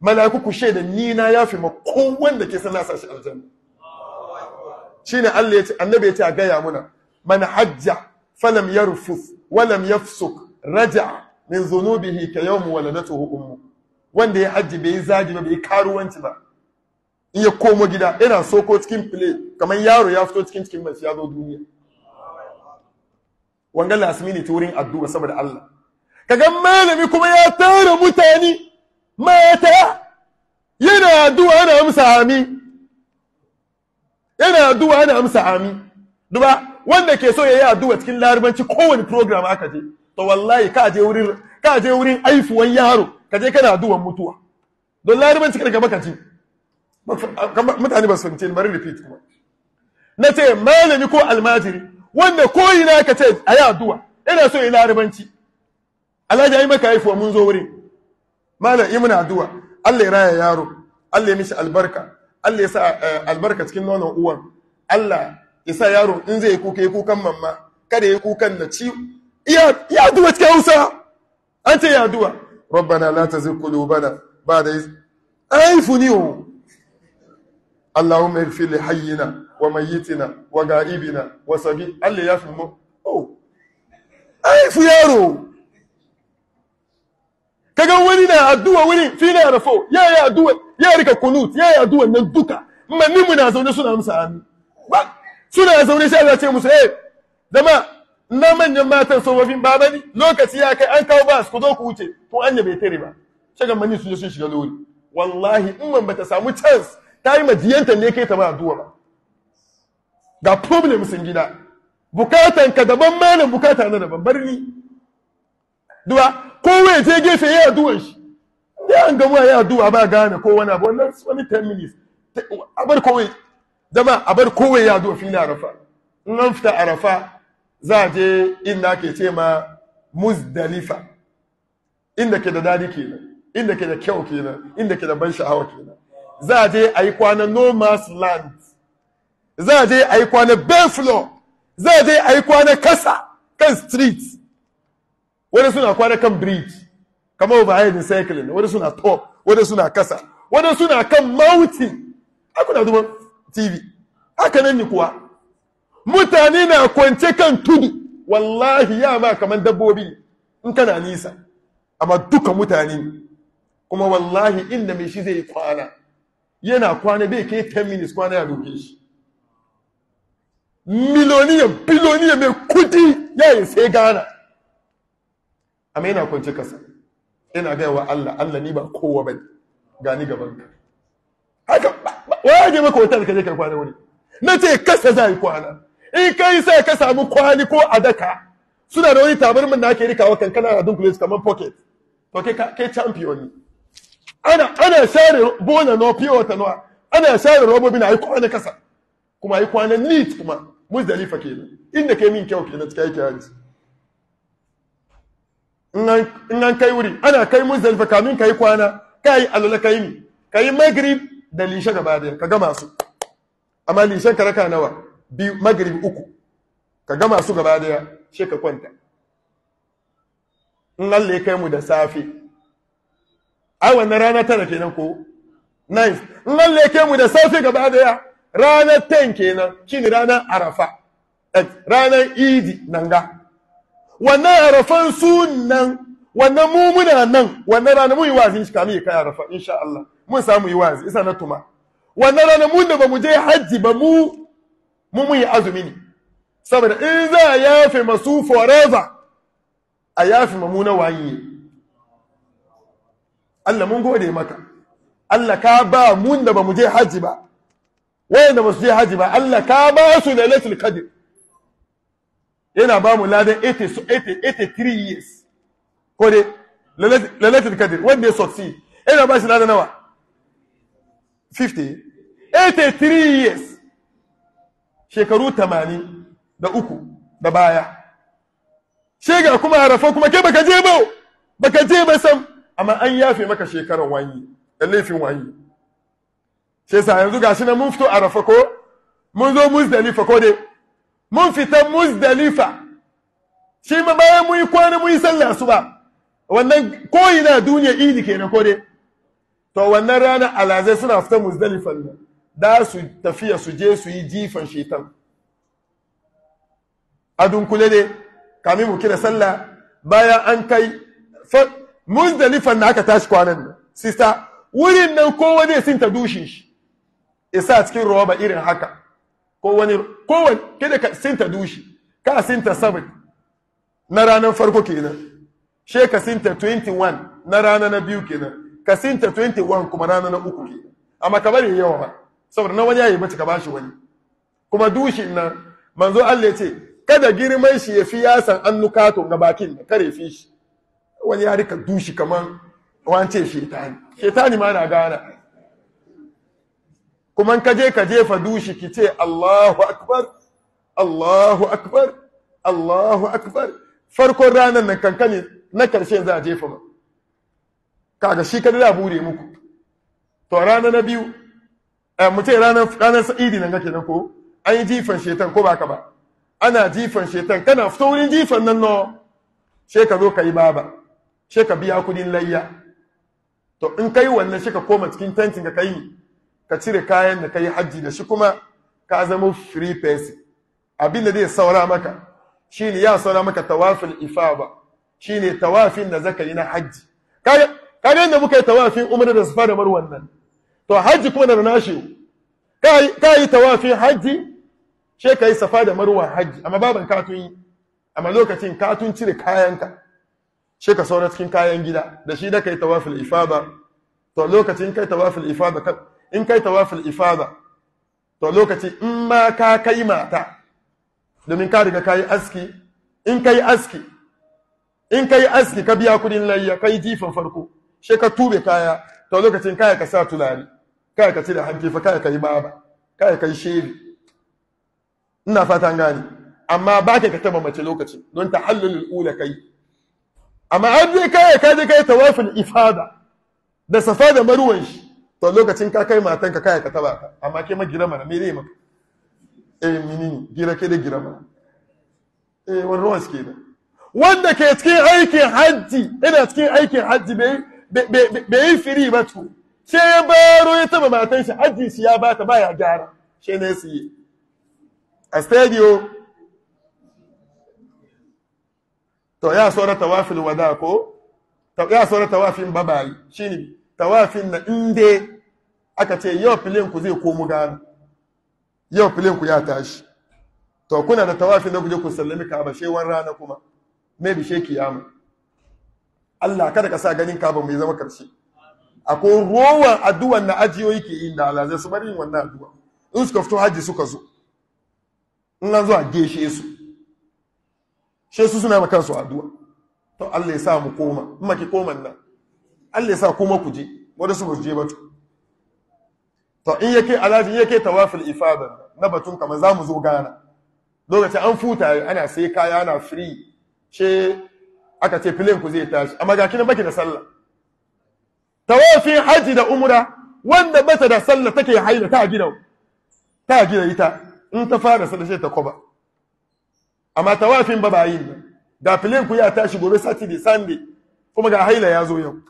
mala'iku ku shaida ni na yafe ma kowanne ke sana aljanna." shi ne Allah ya ce annabi ya ce a gaya muna Mana hajja falam ya rufu, walam ya yafsuk raja min zunubihi ka wala waladatuhu hukunmu." wanda ya hajji bai zagi ba bai karuwanci ba in ya komo gida yana soko cikin fule, kamar yaro ya fito cikin cikin mace ya zo duniya wangan lasmini ta wurin addu'a saboda Allah kaga malami kuma ya tara mutane mata yana addu'a ana amsa Ami. yana addu'a ana amsa Ami. duba wanda ke so yayi addu'a cikin larabanci kowane program aka je to wallahi ka je wurin ka je wurin aifuwan yaro ka je kana addu'a mutuwa don larabanci kada ka ji. mutane ba su fahimce bari repeat kuma na ce malami ko almajiri wanda koyi na ka ce a yi addu'a ina so yi larabanci alhaji ai maka haifuwa mun zo wurin? malam yi muna addu'a Allah ya raya yaro Allah ya mishi albarka Allah ya sa eh, albarka cikin nonon uwan Allah ya sa yaro in zai kuka ya kukan mamma kada ya kukan na ci iya addu'a cikin Hausa an ce ya addu'a rabbana la tazigh qulubana ba'da ni o. Allahumma ighfir fili hayyina wa mayyitina wa ga'ibina wa sabi Allah ya fi mu oh aifu yaro kaga wani na addu'a wani fili ya rafo ya yi addu'a ya rika kunut ya yi addu'a nan duka manni muna zaune suna musu amin ba suna zaune sai Allah ce musu eh zama na manyan matan sababin baba ne lokaci ya kai an kawo bas ku zo ku wuce to anya bai tare ba shaga manni sun je sun shiga lori wallahi in man bata samu chance ta yi majiyanta ne kai ta ma addu'a ba ga problem sun gida bukatan ka daban malam bukata na daban barni kowa ya je gefe ya duwa shi ya an gama ya addu'a ba gane ko wani abu wannan wani 10 minutes a bar kowa zama a bar kowa ya fi fili arafa in an fita arafa za a je inda ake ce ma muzdalifa inda ke da dadi kenan inda ke da kyau kenan inda ke da ban sha'awa kenan za a je a yi kwana no man's land za a je a yi kwana bare floor za a je a yi kwana kasa kan street wani suna kwana kan bridge kamar overhead cycling wani suna top wani suna kasa wani suna kan mountain haka na duban tv haka nan ni kuwa mutane na kwance kan tudu wallahi ya ma kamar dabbobi in kana nisa amma duka mutane kuma wallahi inda mai shi zai kwana yana kwana bai kai 10 minutes kwana ya roke shi miloniyan biloniyan mai kudi ya yi sai gana amma yana kwanci kasa yana gaya wa Allah Allah ni ba kowa bane gani gaban ka haka waye ya maka wutar ka je ka kwana wuri na ce kasa zai kwana in kai sai ka samu kwani ko adaka suna da wani tabarmin da ake rikawa kankana a dunkule su kamar pocket to kai kai champion ne ana ana share bona no piyo wata no ana share robobi na yi kwana kasa kuma yi kwana neat kuma muzdalifa kenan inda kai min kyau kenan kai hanci. in an kai wuri ana kai muzdalifa kamin kai kwana kai alala kai ni kai magrib da lishe gaba da ka gama su amma lishen ka raka nawa biyu magrib uku ka gama su gaba da she ka kwanta in lalle kai mu da safe ai wannan rana tara kenan ko nice in lalle kai mu da safe gaba daya ranar 10 kenan shine ranar arafa ranar idi nan ga wannan arafan sun nan wannan mu muna nan wannan rana mun yi wazin shi kamin ya kai arafa insha Allah mun samu yi wazi isa na tuma wannan rana mun da bamu je hajji ba mu mu mun yi azumi ne saboda in za a yafe masu forever a yafe ma mu na waye Allah mun gode maka Allah ka ba mun da bamu je hajji ba wayanda ba su je hajji ba Allah ka ba su lailatul qadr yana ba mu ladan 83 years ko dai lalatul kadir wanda ya succeed yana ba shi ladan nawa 50 83 years shekaru 80 da uku da baya shega kuma harafa kuma ke baka je ba baka je ba sam amma an yafe maka shekarar wani da laifin wani shi yasa yanzu gashi na mun fito arafa ko mun zo muzdalifa ko dai mun fita muzdalifa shi ma bayan mun yi kwana mun yi sallah su ba wannan koyi na duniya idi kenan na kore to wannan rana alazai suna fita muzdalifa ne da su tafiya su je su yi jifan shetan a dunkule ne kamin mu kira sallah bayan an kai muzdalifa na aka tashi kwanan nan sista wurin nan kowa zai sinta dushin shi isa cikin roba irin haka ko wani kowane kada ka sinta dushi ka sinta 7 na ranar farko kenan she ka sinta 21 na rana na biyu kenan ka sinta 21 kuma rana na uku kenan amma kamar bari yawa ba saboda na wani ya yi mace ka bashi wani kuma dushi na manzo Allah ya ce kada girman shi ya fi yasan nukato ga bakin da kare fi shi wani ya rika dushi kaman wance shetani shetani ma na gana kuma ka je ka jefa dushi ki ce Allahu akbar Allahu akbar Allahu akbar farkon ranar nan kankani na karshe za a jefa ba kaga shi ka da bure muku to rana na biyu eh mu ce ranar ranar sa'idi nan kake nan ko an yi jifan shetan ko baka ba ana jifan shetan kana fito wurin jifan nan no sai ka zo ka yi baba sai ka biya kudin layya to in kai wannan shi ka koma cikin tantin ka kai ka cire kayan da ka yi hajji da shi kuma ka zama free person abin da zai saura maka shi ne ya saura maka tawafin ifaba ne tawafin da zaka yi na hajji kare yadda muka yi tawafin umar da safa da marwan nan to hajji kuma da nashi ka yi tawafin hajji she ka yi safa da marwa hajji amma baban katun yi amma lokacin katun cire kayanka she ka saura cikin kayan gida da shi da ka yi tawafin ifaba to lokacin kai tawafin ifaba in kai tawafin ifada to lokaci in ma ka kai mata domin ka riga kai aski in kai aski in kai aski ka biya kudin layya kai jifan farko she ka tube kaya to lokacin kaya ka sa tulari kaya ka cire hanki fa kaya kai baba kaya kai shiri ina fatan gani amma ba ka ka taba mace lokaci don tahallulul ula kai amma an je kaya ka je kai tawafin ifada da safa da marwan shi to lokacin ka kai matan ka kai ka taba ka amma ke ma gira mana me dai maka eh mini gira ke da gira mana eh wani ruwan suke da wanda ke cikin aikin hajji ina cikin aikin hajji bai yi firi ba to sai ya baro ya taba matan shi hajji shi ya bata ba ya gyara shi ne su yi a stadio to ya saura tawafin wada ko ya saura tawafin babayi shi ne tawafin na inda aka ce yau filinku zai komu gano yau filinku ya tashi to kuna da tawafin da guje ku sallami kaba shewan rana kuma mai bishe kiyama Allah kada ka sa ganin kaba mai zama karshe akwai rowan addu'an na ajiyoyi ke yi Allah zai su bari wannan addu'a in suka fito haji suka zo in an zo a geshe su Shesu su suna maka su addu'a to Allah ya sa mu koma in maki koman nan Allah ya sa kuma ku je wanda su je ba to in yake alafi yake tawafil ifada na batun kamar mu zo gana lokacin an futa ana sai kaya ana free ce aka ce plane ku zai tashi amma ga kina baki da sallah tawafin haji da umra wanda bata da sallah take haila ta gida ta gida ita in ta fara sallah sai ta koba amma tawafin ba ba da plane ku ya tashi gobe saturday sunday kuma ga haila ya zo yau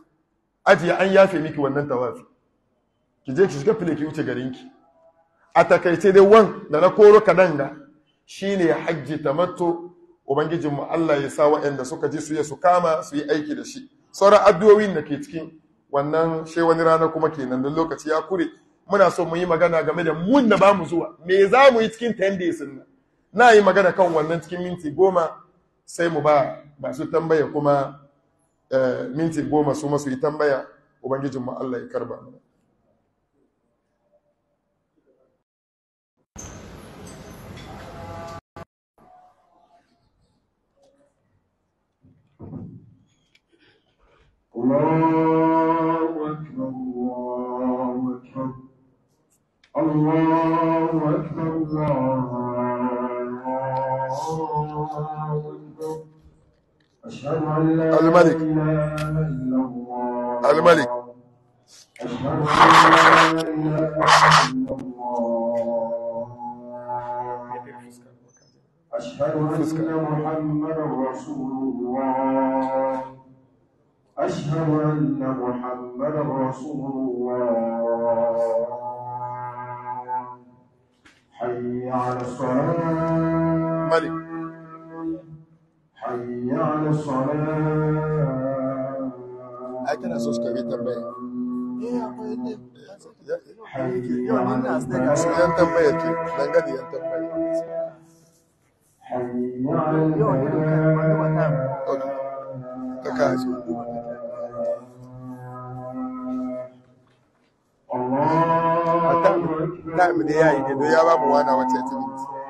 ajiye an yafe miki wannan tawafi ki je ki shiga fili ki wuce garin ki. a takaice dai wan da na koro kadan ga shine hajji tamattu ubangijin mu Allah ya sa waɗanda suka ji su ya su kama su yi aiki da shi sauran addu'o'in da ke cikin wannan shi wani rana kuma kenan da lokaci ya kure muna so mu yi magana game da mun da ba mu zuwa me za mu yi cikin 10 days din na yi magana kan wannan cikin minti goma sai mu ba ba su tambaya kuma Eh, minti goma su masu yi tambaya ubangijin mu Allah ya karba mana الله أكبر الله أكبر الله أكبر الله الملك الملك أشهد أن لا إله إلا الله أشهد أن محمدا رسول الله أشهد أن محمدا رسول الله حي على الصلاة ملك ayyana sana'a ai kana so suka rita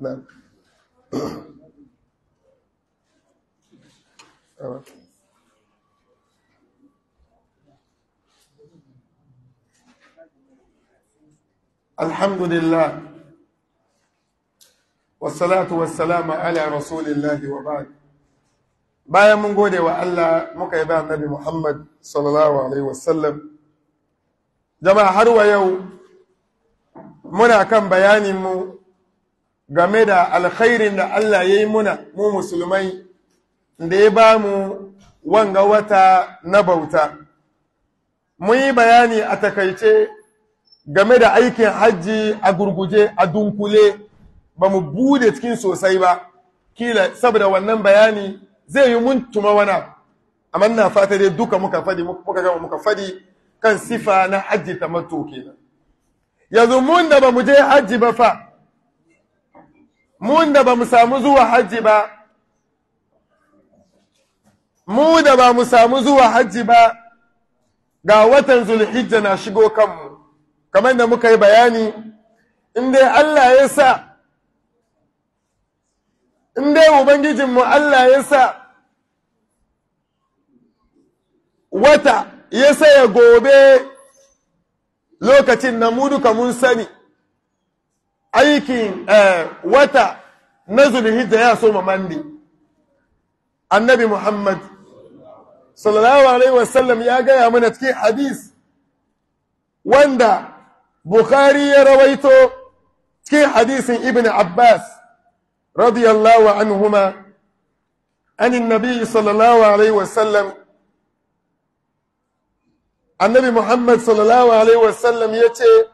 نعم. الحمد لله wasalatu wasalama ala rasulillahi wa ba'd bayan mun gode wa Allah muka yi ba annabi Muhammad sallallahu alaihi wasallam jama'a har wa yau muna kan bayanin game da alkhairin da Allah ya yi muna mu musulmai da ya ba mu wanga wata na bauta mun yi bayani a takaice game da aikin hajji a gurguje a dunkule ba mu bude cikin sosai ba kila saboda wannan bayani zai yi mun tuma wana amma na fata dai duka muka fadi muka gama muka fadi kan sifa na hajji tamattu kenan yanzu mun da ba mu je hajji ba fa mun da ba mu samu zuwa hajji ba mu da ba mu samu zuwa hajji ba ga watan zulhijja na shigo kanmu kamar da muka yi bayani in dai Allah ya sa in dai ubangijinmu Allah ya sa wata ya saya gobe lokacin na mu duka mun sani aikin eh, wata na zulhijja ya so mamandi annabi muhammad sallallahu alaihi wasallam ya gaya mana cikin hadis wanda bukhari ya rawaito cikin hadisin ibn abbas رضي الله عنهما أن النبي صلى الله عليه وسلم النبي محمد صلى الله عليه وسلم يتي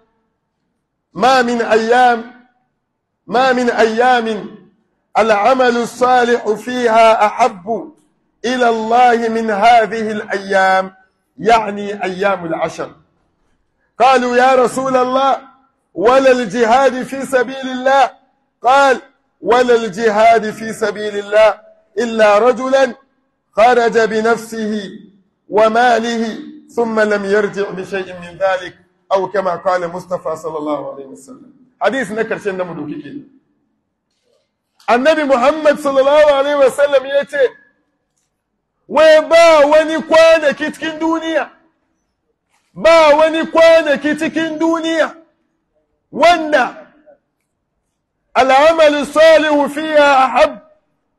ما من أيام ما من أيام العمل الصالح فيها أحب إلى الله من هذه الأيام يعني أيام العشر قالوا يا رسول الله ولا الجهاد في سبيل الله قال ولا الجهاد في سبيل الله إلا رجلا خرج بنفسه وماله ثم لم يرجع بشيء من ذلك أو كما قال مصطفى صلى الله عليه وسلم حديث نكر شن مدوكي annabi Muhammad sallallahu Alaihi wasallam ya ce, Wai ba wani kwanaki cikin duniya, ba wani kwanaki cikin duniya, wanda al'amal salihu fiya ahab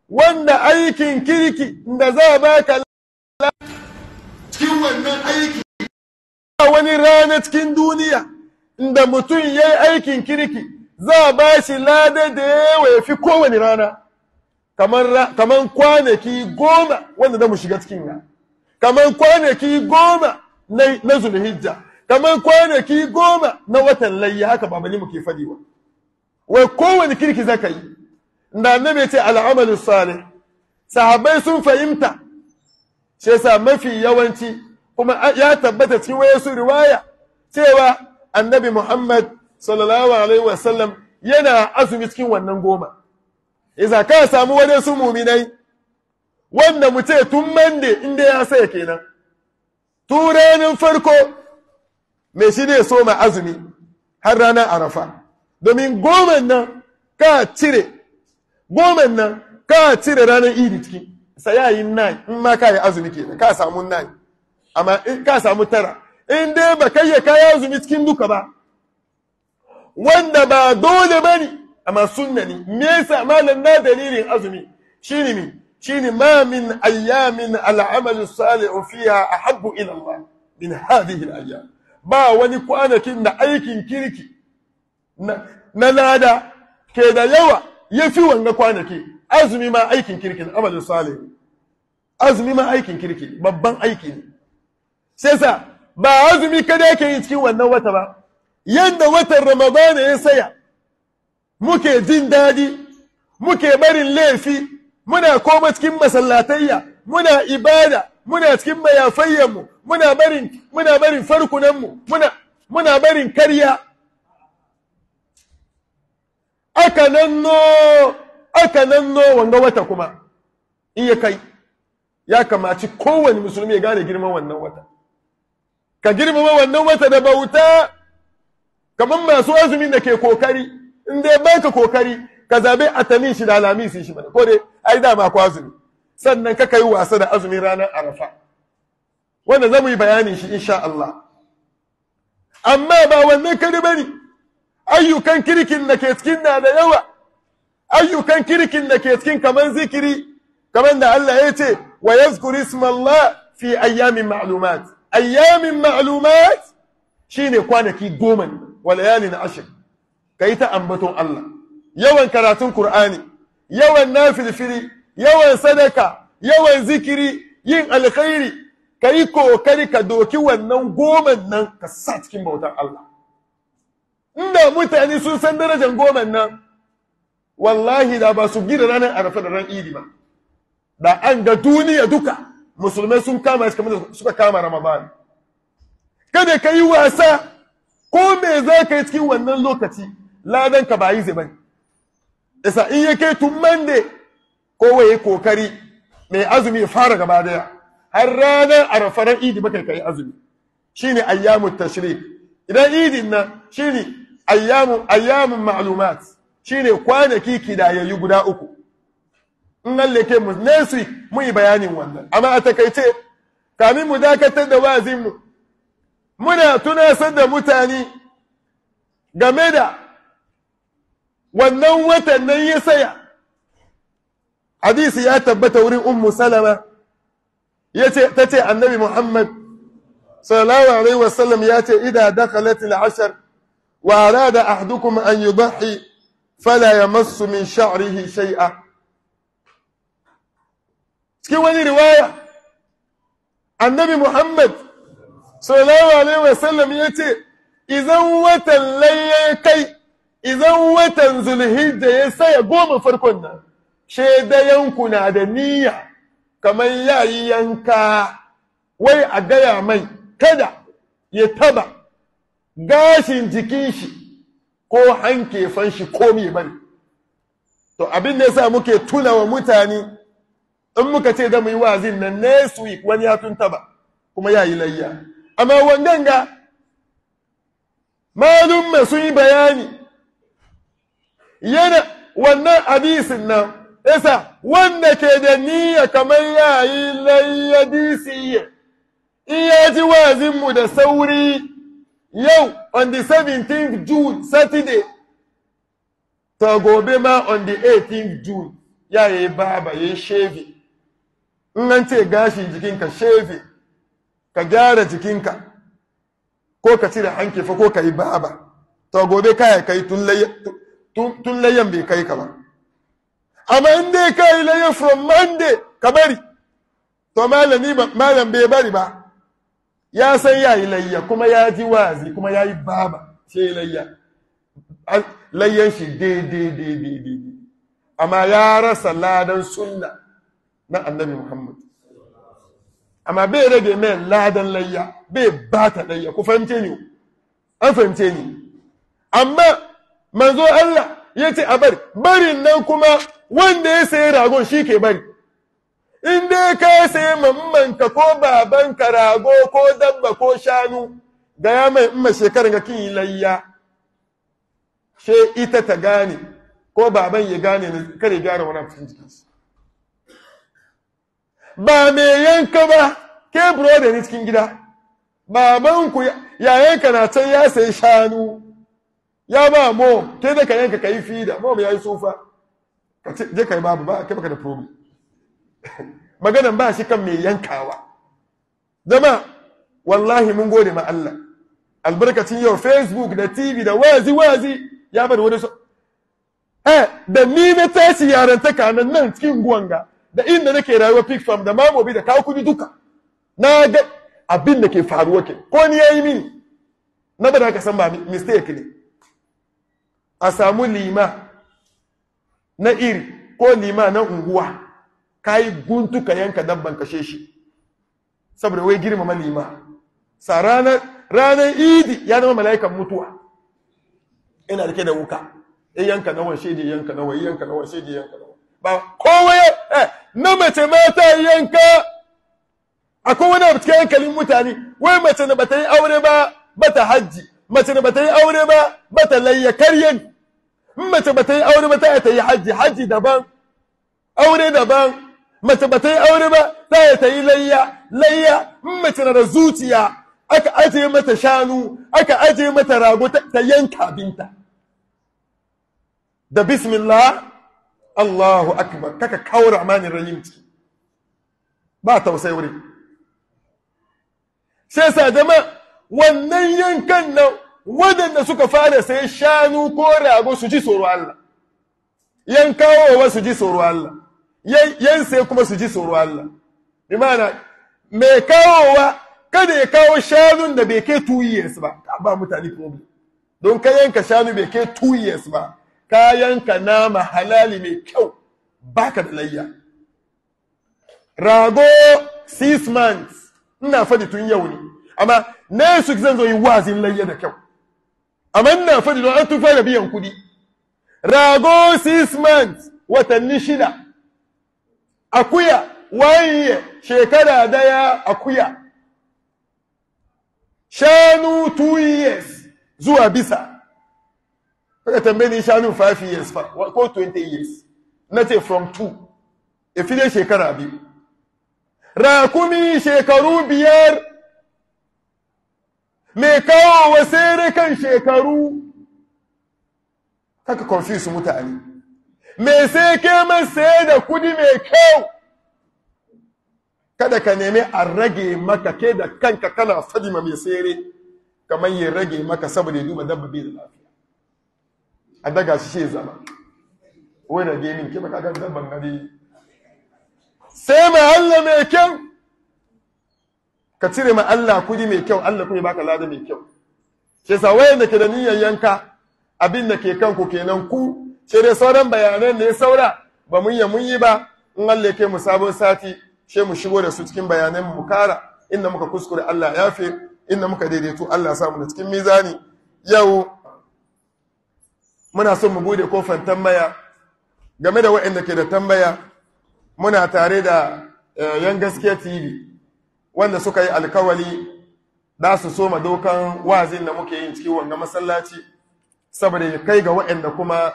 wanda aikin kirki da za a baka cikin wannan aiki wani rana cikin duniya da mutum ya yi aikin kirki za a ba shi lada da yawa ya fi kowane rana kamar kwanaki goma wanda na mu shiga cikin ya kamar kwanaki goma na zulhijja kamar kwanaki goma na watan layya haka babali muke fadiwa wai kowane kirki zaka yi da annabi ce al'amalu salih sahabbai sun fahimta shi sa mafi yawanci kuma ya tabbata cikin su riwaya cewa annabi Muhammad sallallahu alaihi wasallam yana azumi cikin wannan goma iza ka samu wani su muminai wanda mu ce tun mande inda ya saya kenan turanin farko mai shi ne so ma azumi har ranar arafa domin goma nan ka cire goman nan ka cire ranar idi ciki sai ya yi in ma ka yi azumi ke ka samu nine amma in ka samu tara in dai ba kai ya kaya azumi cikin duka ba wanda ba dole ba ne amma sunna ne me yasa malam na dalilin azumi shine mi shine ma min ayyamin al'amal salih fiha ahabbu ila Allah min hadhihi al'ayyam ba wani kwanakin da aikin kirki na lada ke da yawa ya fi wanga kwanaki azumi ma aikin kirki na amalin sale azumi ma aikin kirki babban aiki ne sai sa ba azumi kada ke yi cikin wannan wata ba yadda watan ramadana ya saya muke jin daɗi muke barin laifi muna koma cikin masallatayya muna ibada muna cikin mayafayyanmu, muna barin farkunanmu muna barin karya aka nanno aka nanno wanga wata kuma in ya kai ya kamaci kowane musulmi ya gane girman wannan wata ka girmama wannan wata da bauta kamar masu azumin da ke kokari in dai baka kokari ka zabe atamin shi da alamin shi ko dai ai da ku azumi sannan ka kai wasa da azumin ranar arafa wanda zamu yi bayanin shi insha Allah amma ba wannan kadi bane ayyukan kirkin da ke cikin na da yawa ayyukan kirkin da ke cikin kaman zikiri kaman da Allah ya ce wa yazkuru ismallah fi ayyamin ma'lumat ayyamin ma'lumat shine kwanaki goma wa layalin ashir kai ta ambaton Allah yawan karatun Qur'ani yawan nafilfili yawan sadaka yawan zikiri yin alkhairi kai kokari ka doki wannan goman nan ka sa cikin bautar Allah inda mutane sun san darajar goma nan wallahi da ba su gida ranar arafa da ran idi ba da an ga duniya duka musulmai sun kama suka kama ramadan kada ka yi wasa ko me za ka yi cikin wannan lokaci ladan ka ba yi zai bane isa in yake tun mande ko waye kokari mai azumi ya fara gaba daya har ranar arafa ran idi ba kai azumi shine ayyamun tashrik idan idin nan shine ayyamun ayyamun ma'lumat shine kwanaki kidayayyu guda uku in lallake mu next week yi bayanin wannan amma a takaice kamin mu dakatar da wazin muna tunasar da mutane game da wannan watan nan ya saya hadisi ya tabbata wurin ummu salama ta ce annabi muhammad sallallahu alaihi wasallam yace ida dakhalat al-ashr Wara da ahdukum أن يضحي فلا يمس masu min شيئا cikin wani riwaya annabi muhammad sallallahu alaihi wasallam ya ce idan watan laye kai izan watan zulhijja ya saya goma farkon nan shaidayenku na da niyya kamar yayi yanka wai a gaya mai kada ya taba gashin jikin shi ko hankefan shi komi bane to abin da yasa muke tuna wa mutane in muka ce da mu yi wazin nan su yi wani ya tunta ba kuma ya yi layya amma wannan ga ma sun yi bayani yana wannan hadisin nan yasa wanda ke da niyya kamar yayi layya in ya ji wazinmu da sauri yau on the 17th June Saturday to gobe ma on the 18th June ya yi baba ya yi shave in an ce gashi jikinka shevi ka gyara jikinka ko ka cire fa ko ka yi baba to gobe kaya kai tun layan bai kai ka ba amma in dai ka yi layan from monday ka bari to malami malam bai bari ba ya san ya yi layya kuma ya ji wazi kuma ya yi baba ce layya layyan shi daidai amma ya rasa ladan sunna na annabi muhammad amma bai rage mai ladan layya bai ba ta layya ku fahimce ni an fahimce ni amma manzo Allah ya ce a bari barin nan kuma wanda ya sayi ragon shi ke bari in dai ka sayi mammanka ko babanka rago ko dabba ko shanu gaya mai umma shekarar ga kin layya she ita ta gane ko baban ya gane ne kare gyara wani cikin jikinsu ba mai yanka ba ke burodi ne cikin gida babanku ka na can ya sayi shanu ya ba mo ke da ka yanka ka yi fida mo ya yi sofa ka je ka yi babu ba ka baka da problem maganan ba shi kan mai yankawa zama wallahi mun gode ma Allah albarkacin yau facebook da tv da wazi wazi ya bada wani so eh da ni na tashi yarantaka nan nan cikin guwanga da inda nake rayuwa pig farm da mamobi da kakubi duka na ga abin da ke faruwa ke ko ni yayi mini na bada ka san ba mistake ne a samu lima na iri ko lima na unguwa ka yi guntu ka yanka dabban kashe shi saboda wai girmama lima sa ranar idi ya zama mala'ikan mutuwa ina ke da wuka in yanka nawa shaidi yanka nawa yanka nawa shaidi yanka nawa ba kowa eh na mace mata yanka a wani abu cikin yankalin mutane wai mace da bata yi aure ba bata hajji mace da bata yi aure ba bata layyakar yin mace bata yi aure ba ta yi hajji hajji daban aure daban mace ba ta yi aure ba za ta yi layya layya mace na da zuciya aka aje mata shanu aka aje mata rago ta yanka binta da bismillah Allahu akbar kaka kawo amanin rahim ciki ba tausayi wuri sai sa jama wannan yankan nan waɗanda suka fara sai shanu ko rago su ji tsoro Allah yankawowa su ji tsoro Allah Yan sai kuma su ji tsoro Allah bi mana mai kawowa kada ya kawo shanun da bai kai years ba ka ba mutane problem don ka yanka shanu bai kai 2 years ba ka yanka nama halali mai kyau baka da layya rago six months ina faɗi tun yau ne amma ne su zan zo yi wazin layya da kyau amma ina fadi don an tun fara biyan kuɗi. rago six months watanni shida akuya wanye shekara daya akuya shanu 2 years zuwa bisa kaka tambaye ni shanu 5 years fa ko 20 years na ce from 2 e fide shekara biyu rakumi shekaru biyar mai kawo wasere kan shekaru kaka confuse mutane me sai ke man saye da kudi mai kyau kada ka nemi a rage maka ke da kanka kana sadima mai sayere kamar ya rage maka saboda ya duba dabba bai da lafiya a daga shi shi zama wai rage min ke maka kan dabban gari sai ma Allah mai kyau ka cire ma Allah kudi mai kyau Allah kuma baka lada mai kyau shi yasa wayanda ke da niyyar yanka abin da ke kanku kenan ku sai dai sauran bayanan da ya saura ba mun yi mun yi ba in Allah kai mu sabon sati sai mu shigo da su cikin bayanan mu kara inda muka kuskure Allah ya fi inda muka daidaito Allah samu da cikin mizani yau muna son mu bude kofar tambaya game da waɗanda ke da tambaya muna tare da eh, yan gaskiya TV wanda suka yi alkawali da su soma dokan wazin da muke yin cikin wannan masallaci saboda ya kai ga waɗanda kuma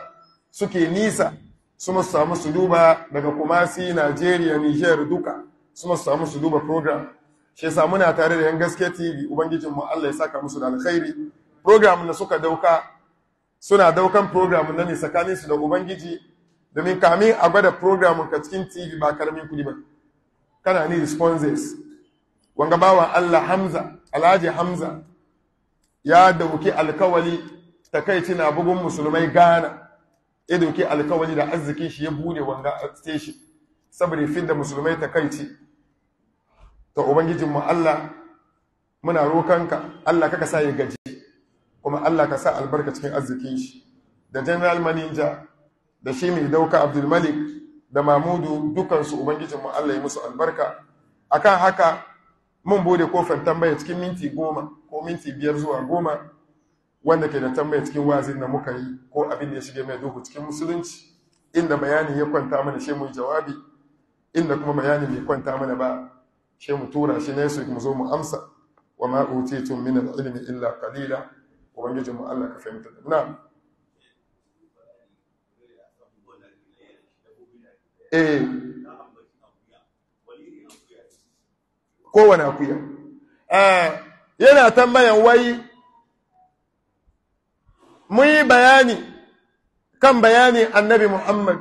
suke nisa su samu su duba daga kumasi Najeriya Niger duka su samu su duba program shi samu na tare da yan gaske TV ubangijin mu Allah ya saka musu da alkhairi program da suka dauka suna daukan program na ne tsakanin su da ubangiji domin kamin a gwada program ka cikin TV ba karamin kudi ba kana ni responses wanga bawa Allah Hamza Alhaji Hamza ya dauki alkawali takaici na bugun musulmai Ghana ya dauki alkawari da arzikin shi ya bude wanga station saboda fi da musulmai ta kaici ta ubangijin mu Allah muna rokanka Allah kaka sa ya gaji kuma Allah ka sa albarka cikin arzikin shi da general manager da shi mai dauka Abdulmalik da Mamudu dukansu ubangijin mu Allah ya musu albarka akan haka mun bude kofar tambaya cikin minti goma ko minti biyar zuwa goma wanda ke da tambaya cikin wazin da muka yi ko abin da ya shige mai duhu cikin musulunci inda bayani ya kwanta mana shi mu jawabi inda kuma bayani bai kwanta mana ba shi mu tura shi ne su mu zo mu amsa wa ma utitum min al-ilmi illa qalila ubangiji mu Allah ka fahimta da na eh kowane akuya eh yana tambayan wai mun yi bayani kan bayani annabi Muhammad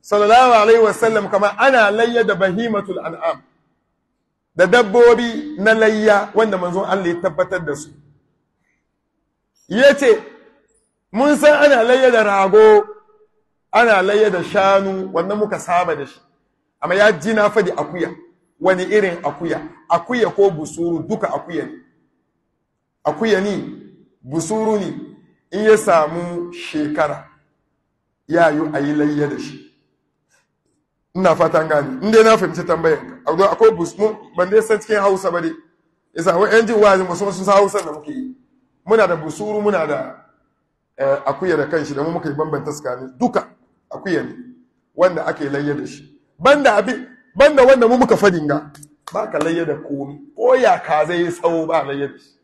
sallallahu alaihi wasallam kama ana layya da bahimatul an'am da dabbobi na layya wanda manzon Allah ya tabbatar da su yace mun san ana layya da rago ana layya da shanu wannan muka saba da shi amma ya ji na fadi akuya wani irin akuya akuya ko busuru duka akuya ne akuya ne Busuru ne, in ya samu shekara ya yi a yi layya da shi ina fatan gani inda dai na fahimci tambayar ka akwai busmu ban dai san cikin hausa ba dai Ya samu yan jin wazin wasu sun san hausa da muke yi muna da busuru muna da eh, akuya da kanshi da mu muka yi bambanta tsakanin duka akuya ne wanda ake layya da shi banda abin banda wanda mu muka fadin ga ba ka layya da komi ko ya ka zai tsawo ba layya da shi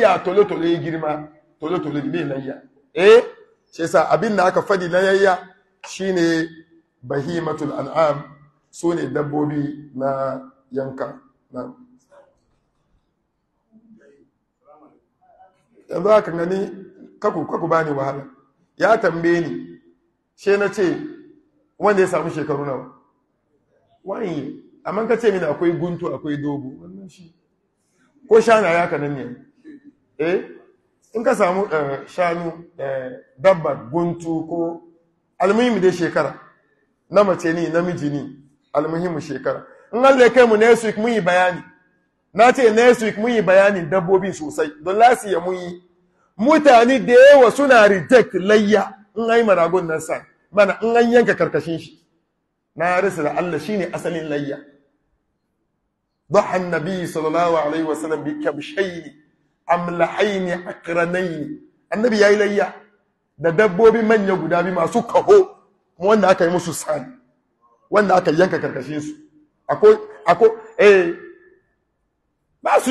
ya tolotolo ya girma tolotolo mai layya eh shi yasa abin da aka fadi na layya shine bahimatul an'am su ne dabbobi na yanka na yanzu aka gani kaku kaku bani wahala ya tambaye ni she na ce wanda ya samu shekaru nawa wani amma ka ce mini akwai guntu akwai dogo wannan shi ko shana ya kanan ne eh in ka samu eh, shanu eh, dabba guntu ko almuhimmi dai shekara na mace ni namiji ni almuhimmi shekara in Allah ya kai mu next week mun yi bayani na ce next week mun yi bayani dabbobi sosai don lasi ya mun yi mutane da yawa suna reject layya in yi maragon nan sa mana in an yanka karkashin shi na rasa da Allah shi ne asalin layya ضحى النبي صلى الله عليه وسلم بكبشين amlahaini akranaini annabi yayi layya da dabbobi manya guda biyu masu kaho kuma wanda aka yi musu sani wanda aka yanka karkashin su akwai akwai eh ba su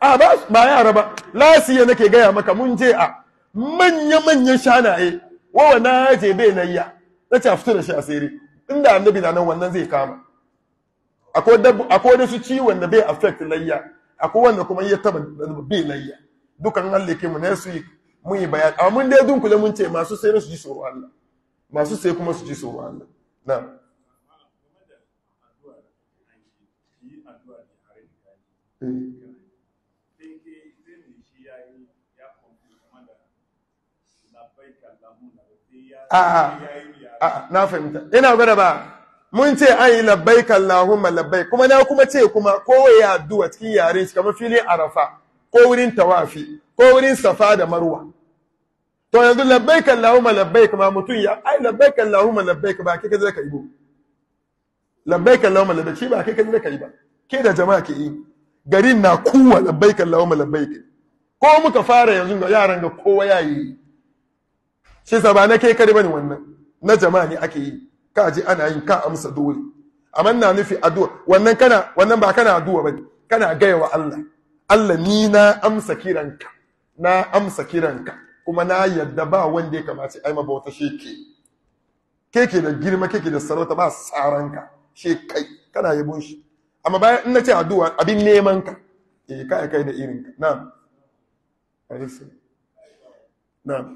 a ba ba yara ba lasiya nake gaya maka mun je a manya manyan shanaye wawa na je bai layya na ce a fito da shi asiri inda annabi na nan wannan zai kama akwai wani su ciwon da bai affect layya akwai wanda kuma ya taba bai layya dukan Allah ke mu ne su yi mun yi bayani amma mun dai dunkule mun ce masu sai su ji tsoro Allah masu sai kuma su ji tsoro Allah na'am A'a, eh. a'a, ah, ah. ah, na fahimta. Ina gwada ba, mun ce an yi labbaik Allahumma labbai. kuma na kuma ce kuma kowai ya addu'a cikin yare shi kamar filin Arafa ko wurin tawafi ko wurin Safa da Marwa to yanzu labbaik Allahumma labbai kuma mutum ya ai labbai Allahumma labbaik ba kai kaje ka yi ba labbaik Allahumma labbaik shi ba kai kaje ka yi ba ke da jama'a ke yi garin na kuwa labbaik Allahumma ke. ko muka fara yanzu ga yaran ga kowa ya yi shi sabana ba na kai kare bane wannan na jama'a ne ake yi ka ji ana yin ka amsa dole amma na nufi addu'a wannan kana wannan ba kana addu'a bane kana gaya wa Allah Allah ni na amsa kiranka na amsa kiranka kuma na yadda ba wanda ya kamata ai bauta shi ke keke da girma keke da sarauta ba saranka, shi kai kana yabon shi amma bayan in nace addu'a abin neman ka eh kai kai da irin ka na'am na'am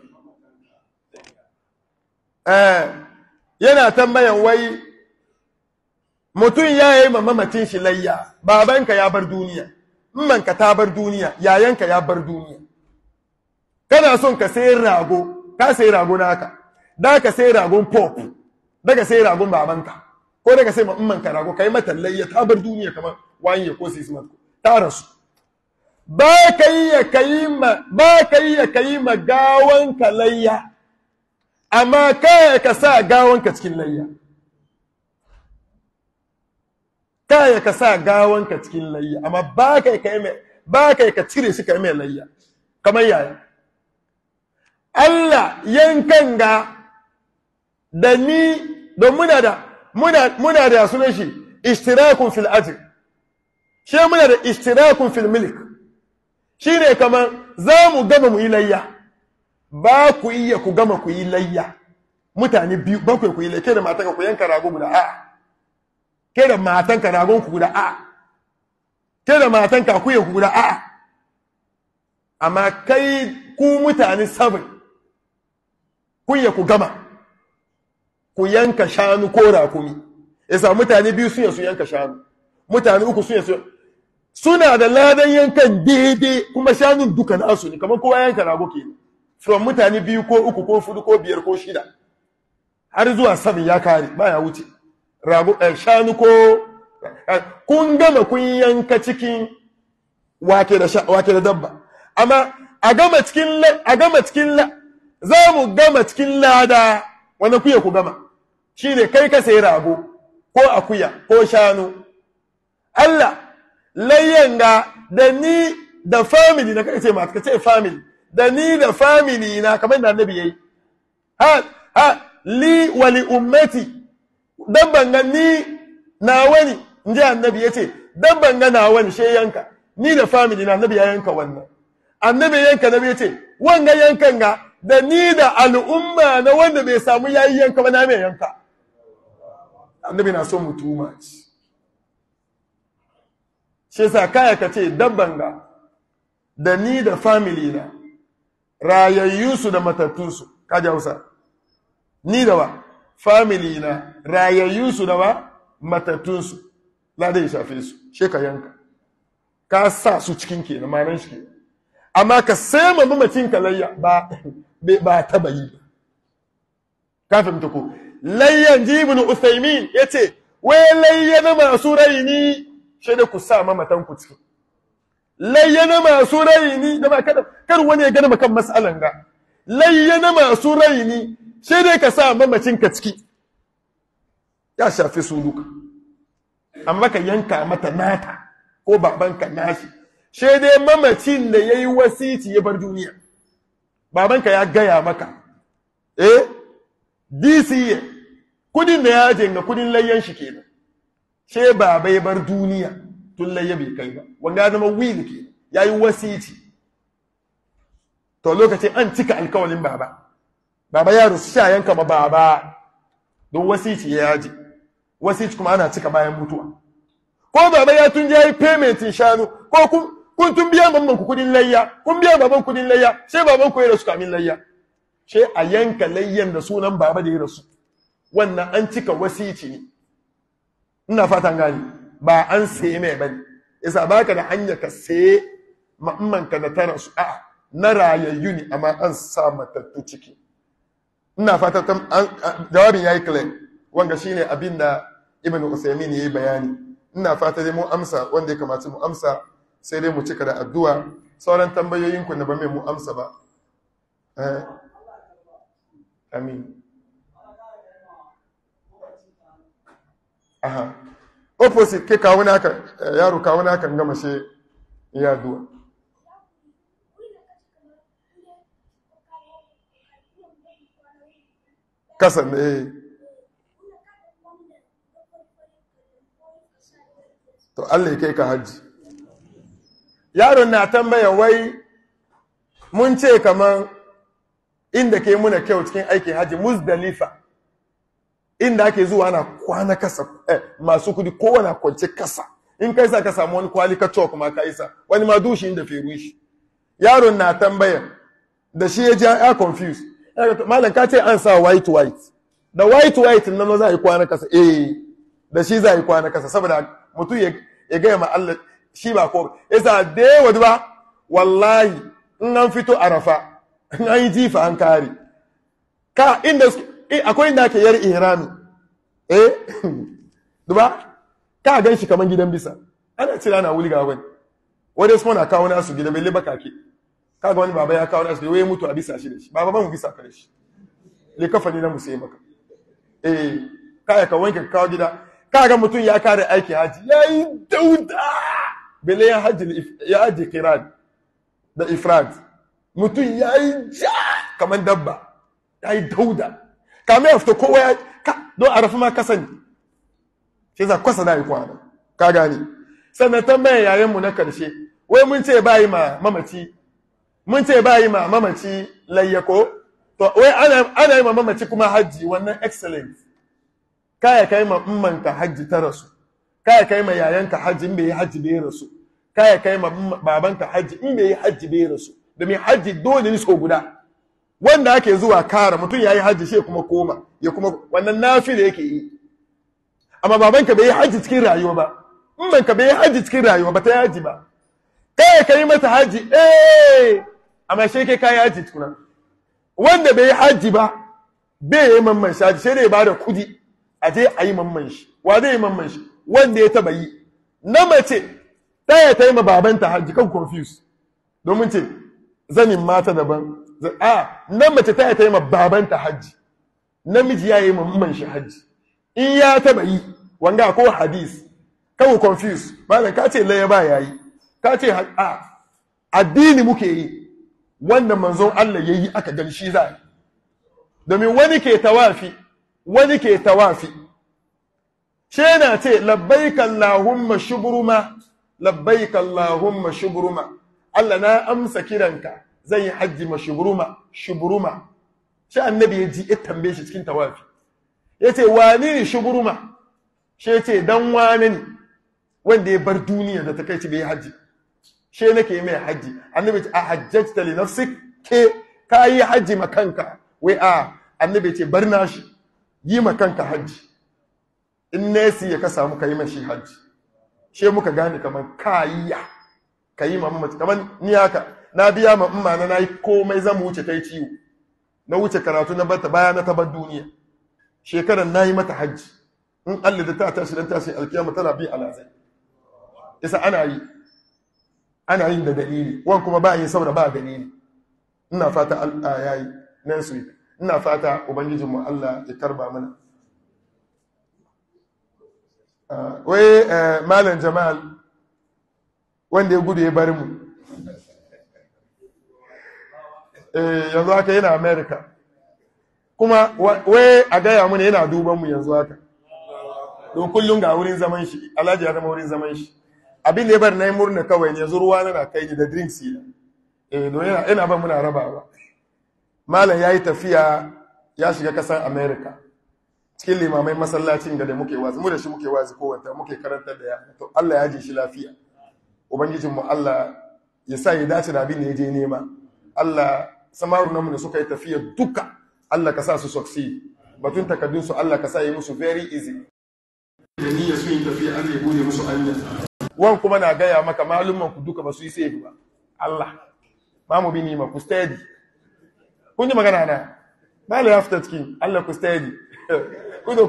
eh yana tambayan wai mutum ya yi mamacin shi layya babanka ya bar duniya mmanka ta bar duniya yayanka ya bar duniya kana son ka sayi rago ka sayi rago naka da ka sayi ragon pop daga sayi ragon babanka ko daga sayi mammanka rago kai mata layya ta bar duniya kamar wanye ko sai smart ta rasu ba ka yi ya kayi ma ba ka yi ya ma gawanka layya amma kaya ka sa gawanka cikin layya kaya ka sa gawanka cikin layya amma ba kai ka mai ba kai ka cire shi ka mai layya kamar yaya Allah yankan ga da ni don muna da muna muna da sunan shi ishtirakun fil ajr shi muna da ishtirakun fil milk ne kamar za mu gama mu yi layya ba ku iya ku gama ku yi layya mutane biyu ba ku yi layya Ke da matanka ku yanka rago guda a'a Ke da matanka ragon ku guda a'a Ke da matanka ku yi guda a'a amma kai ku mutane sabin kun ya ku gama ku yanka shanu ko rakumi isa mutane biyu sun yasu yanka shanu mutane uku sun yasu suna da ladan yankan daidai kuma shanun duka nasu ne kamar kowa yanka rago kenan from mutane biyu ko uku ko fudu ko biyar ko shida har zuwa sabin ya kare ba ya wuce eh, shanu ko eh, kun gama kun yanka cikin wake da dabba amma a gama cikin a la za mu gama cikin lada wani kuya ku gama ne kai ka sayi rago ko akuya ko shanu Allah layyan da ni da family na kai ce ma kace family da ni da famili na kamar da annabi yayi ha ha li wa li ummati dabban ga ni na wani inji annabi yace dabban ga na wani she yanka ni da famili na annabi ya yanka wannan annabi yanka nabi yace wanga yankan ga da ni da al'umma na wanda bai samu yayi yanka ba na mai yanka annabi na so mu ma much shi sa kaya ka ce dabban ga da ni da family na rayayyusu da matattunsu kaji hausa ni da wa family na rayayyusu da wa matattunsu ladai shafe su Sheka yanka ka sa su cikin kenan manan shi amma ka sai ma mamacin kalayya layya ba ba taba yi ka fahimta ko layyan jibin ya ce wai layya na masu raini shi da ku sa mamatan ku cikin layyana masu raini da ba kada kar wani ya gane kan mas'alan ga layyana masu raini sai dai ka sa mamacin ka ciki ya shafi su duka amma ka yanka mata nata ko babanka nashi sai dai mamacin da yayi wasiti ya bar duniya babanka ya gaya maka eh DCA kudin da ya jenga kudin layyan shi kenan sai baba ya bar duniya tun layya kanga wanda ya zama will ke ya yi wasiti to lokacin an cika alkawalin baba baba ya rusu sha yanka ma baba don wasiti ya yaji wasiti kuma ana cika bayan mutuwa ko baba ya tun ya yi paymentin shanu ko kun kun tun biya mamman ku kudin layya kun biya baban kudin layya sai baban ku ya rasu kamin layya sai a yanka layyan da sunan baba da ya rasu wannan an cika wasici ne ina fatan gani ba an sai mai bane isa baka da hanya ka saye ka da tara su a na rayayyu ne amma an sa matattu ciki ina ya jawabin yayi clear wanga shine abin da ibn ya yi bayani ina fata dai mu amsa wanda ya kamata mu amsa sai dai mu cika da addu'a sauran tambayoyin ku na ba mai mu amsa ba eh, amin opposite ke kawo naka eh, yaro kawo naka gama shi ya duwa kasan ne eh. to Allah ya kai ka hajji yaron na tambaya wai mun ce kaman inda ke muna kyau cikin aikin hajji muzdalifa inda ake zuwa ana kwana kasa eh, masu kudi kowa na kwance kasa in ka sa ka samu wani kwali ka cok ma ka isa wani ma dushi inda fi shi yaron na tambaya da shi ya ji ya confuse malam ka ce an sa white white da white white nan za a yi kwana kasa eh da shi za a yi kwana kasa saboda mutum ya gaya ma Allah shi ba ko yasa da wadu ba wallahi in an fito arafa in an yi jifa an kare ka inda Eh, akwai inda ake yar ihrami eh duba ka gan shi kaman gidan bisa ana cira ana wulga wani wani su na kawo nasu gidan bai libaka ke Ka ga wani baba ya kawo nasu wai mutu a bisa shi da shi baba ban mu bisa kare shi le kafani na mu sai maka eh kaya ka wanke kawo gida Ka ga mutum ya kare aiki haji yi dauda bele ya haji ya haji kiran da ifrad mutum ya yi ja kaman dabba Ya yi dauda kame ya fito kowa ya don a rafi ma kasan shi za kwasa da yi kwana ka gane sannan tambayan yayin mu na karshe wai mun ce bayi ma mamaci mun ce bayi ma mamaci layyako to wai ana yi ma mamaci kuma hajji wannan excellent kaya kai ma mmanta hajji ta rasu kaya kai ma yayanka hajji in bai yi hajji bai rasu kaya kai ma babanka hajji in bai yi hajji bai rasu domin hajji dole ne so guda wanda ake zuwa kara mutum ya yi hajji shi kuma koma ya kuma wannan da yake yi amma babanka bai yi hajji cikin rayuwa ba in bai yi hajji cikin rayuwa ba ta yi hajji ba eh ka yi mata hajji eh amma shi kai kayi hajji tukuna wanda bai yi hajji ba bai yi mamman shi sai dai ba da kudi a je a yi mamman shi wa zai yi mamman shi wanda ya taba yi na mace ta ya ta yi ma babanta hajji kan confuse domin ce zanin mata daban a nan mace ta ta yi ma babanta hajji namiji ya yi ma man shi hajji in ya taba yi wanga ko hadis kawo confuse malam ka ce laye ba yayi ka ce a addini muke yi wanda manzon Allah yayi aka gan shi za domin wani ke tawafi wani ke tawafi she na ce labbai kallahun shubruma labbai kallahun shubruma Allah na amsa kiranka zan yi hajji ma shuburuma shuburuma shi annabi ya ji ya tambaye shi cikin tawafi ya ce wani ne shuburuma shi ya ce dan wani ne wanda ya bar duniya da ta kai ci bai hajji shi nake mai hajji annabi ce a hajjajta li nafsik ke ka yi hajji ma kanka wai a annabi ce bar na shi yi ma kanka hajji in nesi ya ka samu ka yi mashi hajji she muka gane kamar ya ka yi mamaci kamar ni haka na biya ma umma na yi komai zan wuce tai ciwo na wuce karatu na bata baya na tabar duniya shekaran na yi mata hajji in Allah da ta tashi don tashi alkiyama tana bi alazai isa ana yi ana yin da dalili wan kuma ba yin saboda ba dalili ina fata Allah yi nan su ina fata mu Allah ya karba mana ah, wai eh, malam jamal wanda ya gudu ya bari mu Eh, yanzu haka yana Amerika, kuma wai a gaya mana yana duban mu yanzu haka don kullum ga wurin zaman shi alhaji ya zama wurin zaman shi abin da ya bar na yi murna kawai ne ruwa na kai ni da drinks yi eh don yana ina ban muna rabawa malam ya yi tafiya ya shiga kasar america cikin limamai masallacin da muke wazi mu da shi muke wazi kowanta muke karantar da ya to allah ya ji shi lafiya ubangijinmu allah ya sa ya dace da abin da ya je nema allah samaru namu da suka yi tafiya duka Allah ka sa su soksi batun takaddunsu Allah ka sa yi musu very easy da niyya su yi tafiya an ya bude musu anya wan kuma na gaya maka malumman ku duka ba su yi safe ba Allah mamu bi ni ma ku steady kun ji magana na na la after king Allah ku steady kun da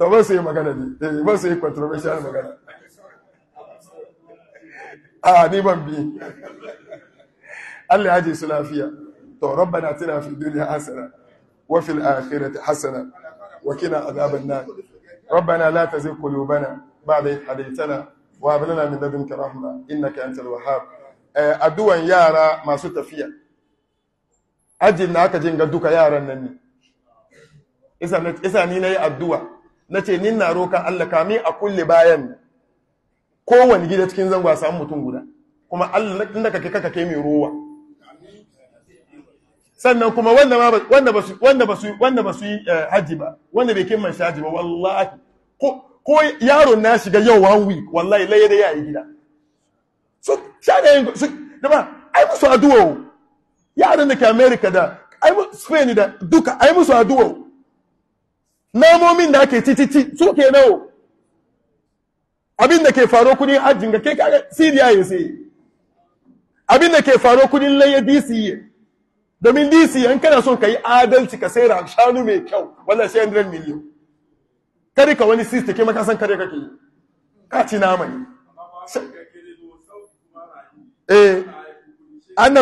to ba su yi magana ne eh, ba su yi controversial magana a ah, ni ban bi Allah ya ji su lafiya to na tuna fi dunya hasana wa fil akhirati hasana wa qina adhaban nar rabbana la Kulu bana, ba idh hadaytana wa hab lana min ladunka rahma innaka antal wahhab eh, addu'an yara masu tafiya ajin na aka jinga duka yaran nan ne isa ni na yi addu'a na ce ni na roƙa Allah kami a kulle bayan kowane gida cikin zangwa samun mutum guda kuma Allah inda kake kaka kai mai ruwa sannan kuma wanda ba su yi eh, haji ba wanda bai kin shi haji ba wallahi ko yaro na shiga yau one week wallahi laye da yayi gida so yin su da ba ai musu o. Yaron da ke america da ai spain da duka ai musu addu'a namomin da ake titi su ke nawo abin da ke faro kudin hajjin ga kai kaga siriya ya sai abin da ke faro kudin laye dca domin dc yan kana son ka yi adalci ka sai shanu mai kyau wannan sai 100 miliyan kare ka wani sista ke san kare kake yi ka ci nama ne eh an na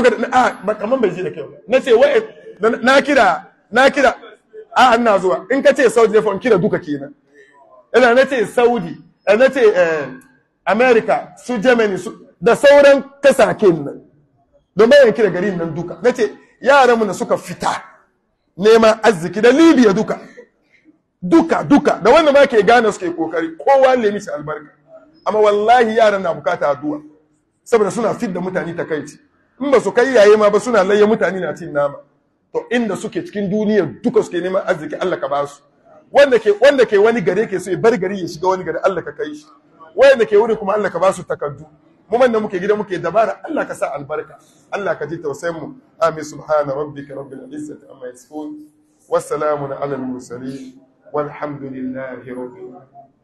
a kaman bai ji da kyau na ce wai, na kira na kira a an na zuwa in ka ce saudi ne fa kira duka kenan ina na ce saudi eh, na ce eh, america su germany su da sauran kasaken nan don bayan kira garin nan duka na ce yaranmu da suka fita neman arziki da libya duka duka duka da wanda ma ke gane suke kokari kowa nemi su albarka amma wallahi yaran na bukata addu'a saboda suna fidda mutane ta takaici in ba su kai yaye ma ba suna layya mutane na cin nama to inda suke cikin duniya duka suke neman arziki Allah ka ba su wanda ke wanda ke wani gare ke so ya bar gari ya shiga wani gare Allah ka kai shi wanda ke wuri kuma Allah ka ba su takardu mu da muke gida muke dabara Allah ka sa albarka الله كجيت وسيم آمي سبحان ربك رب العزة أما يسفون والسلام على المرسلين والحمد لله رب العالمين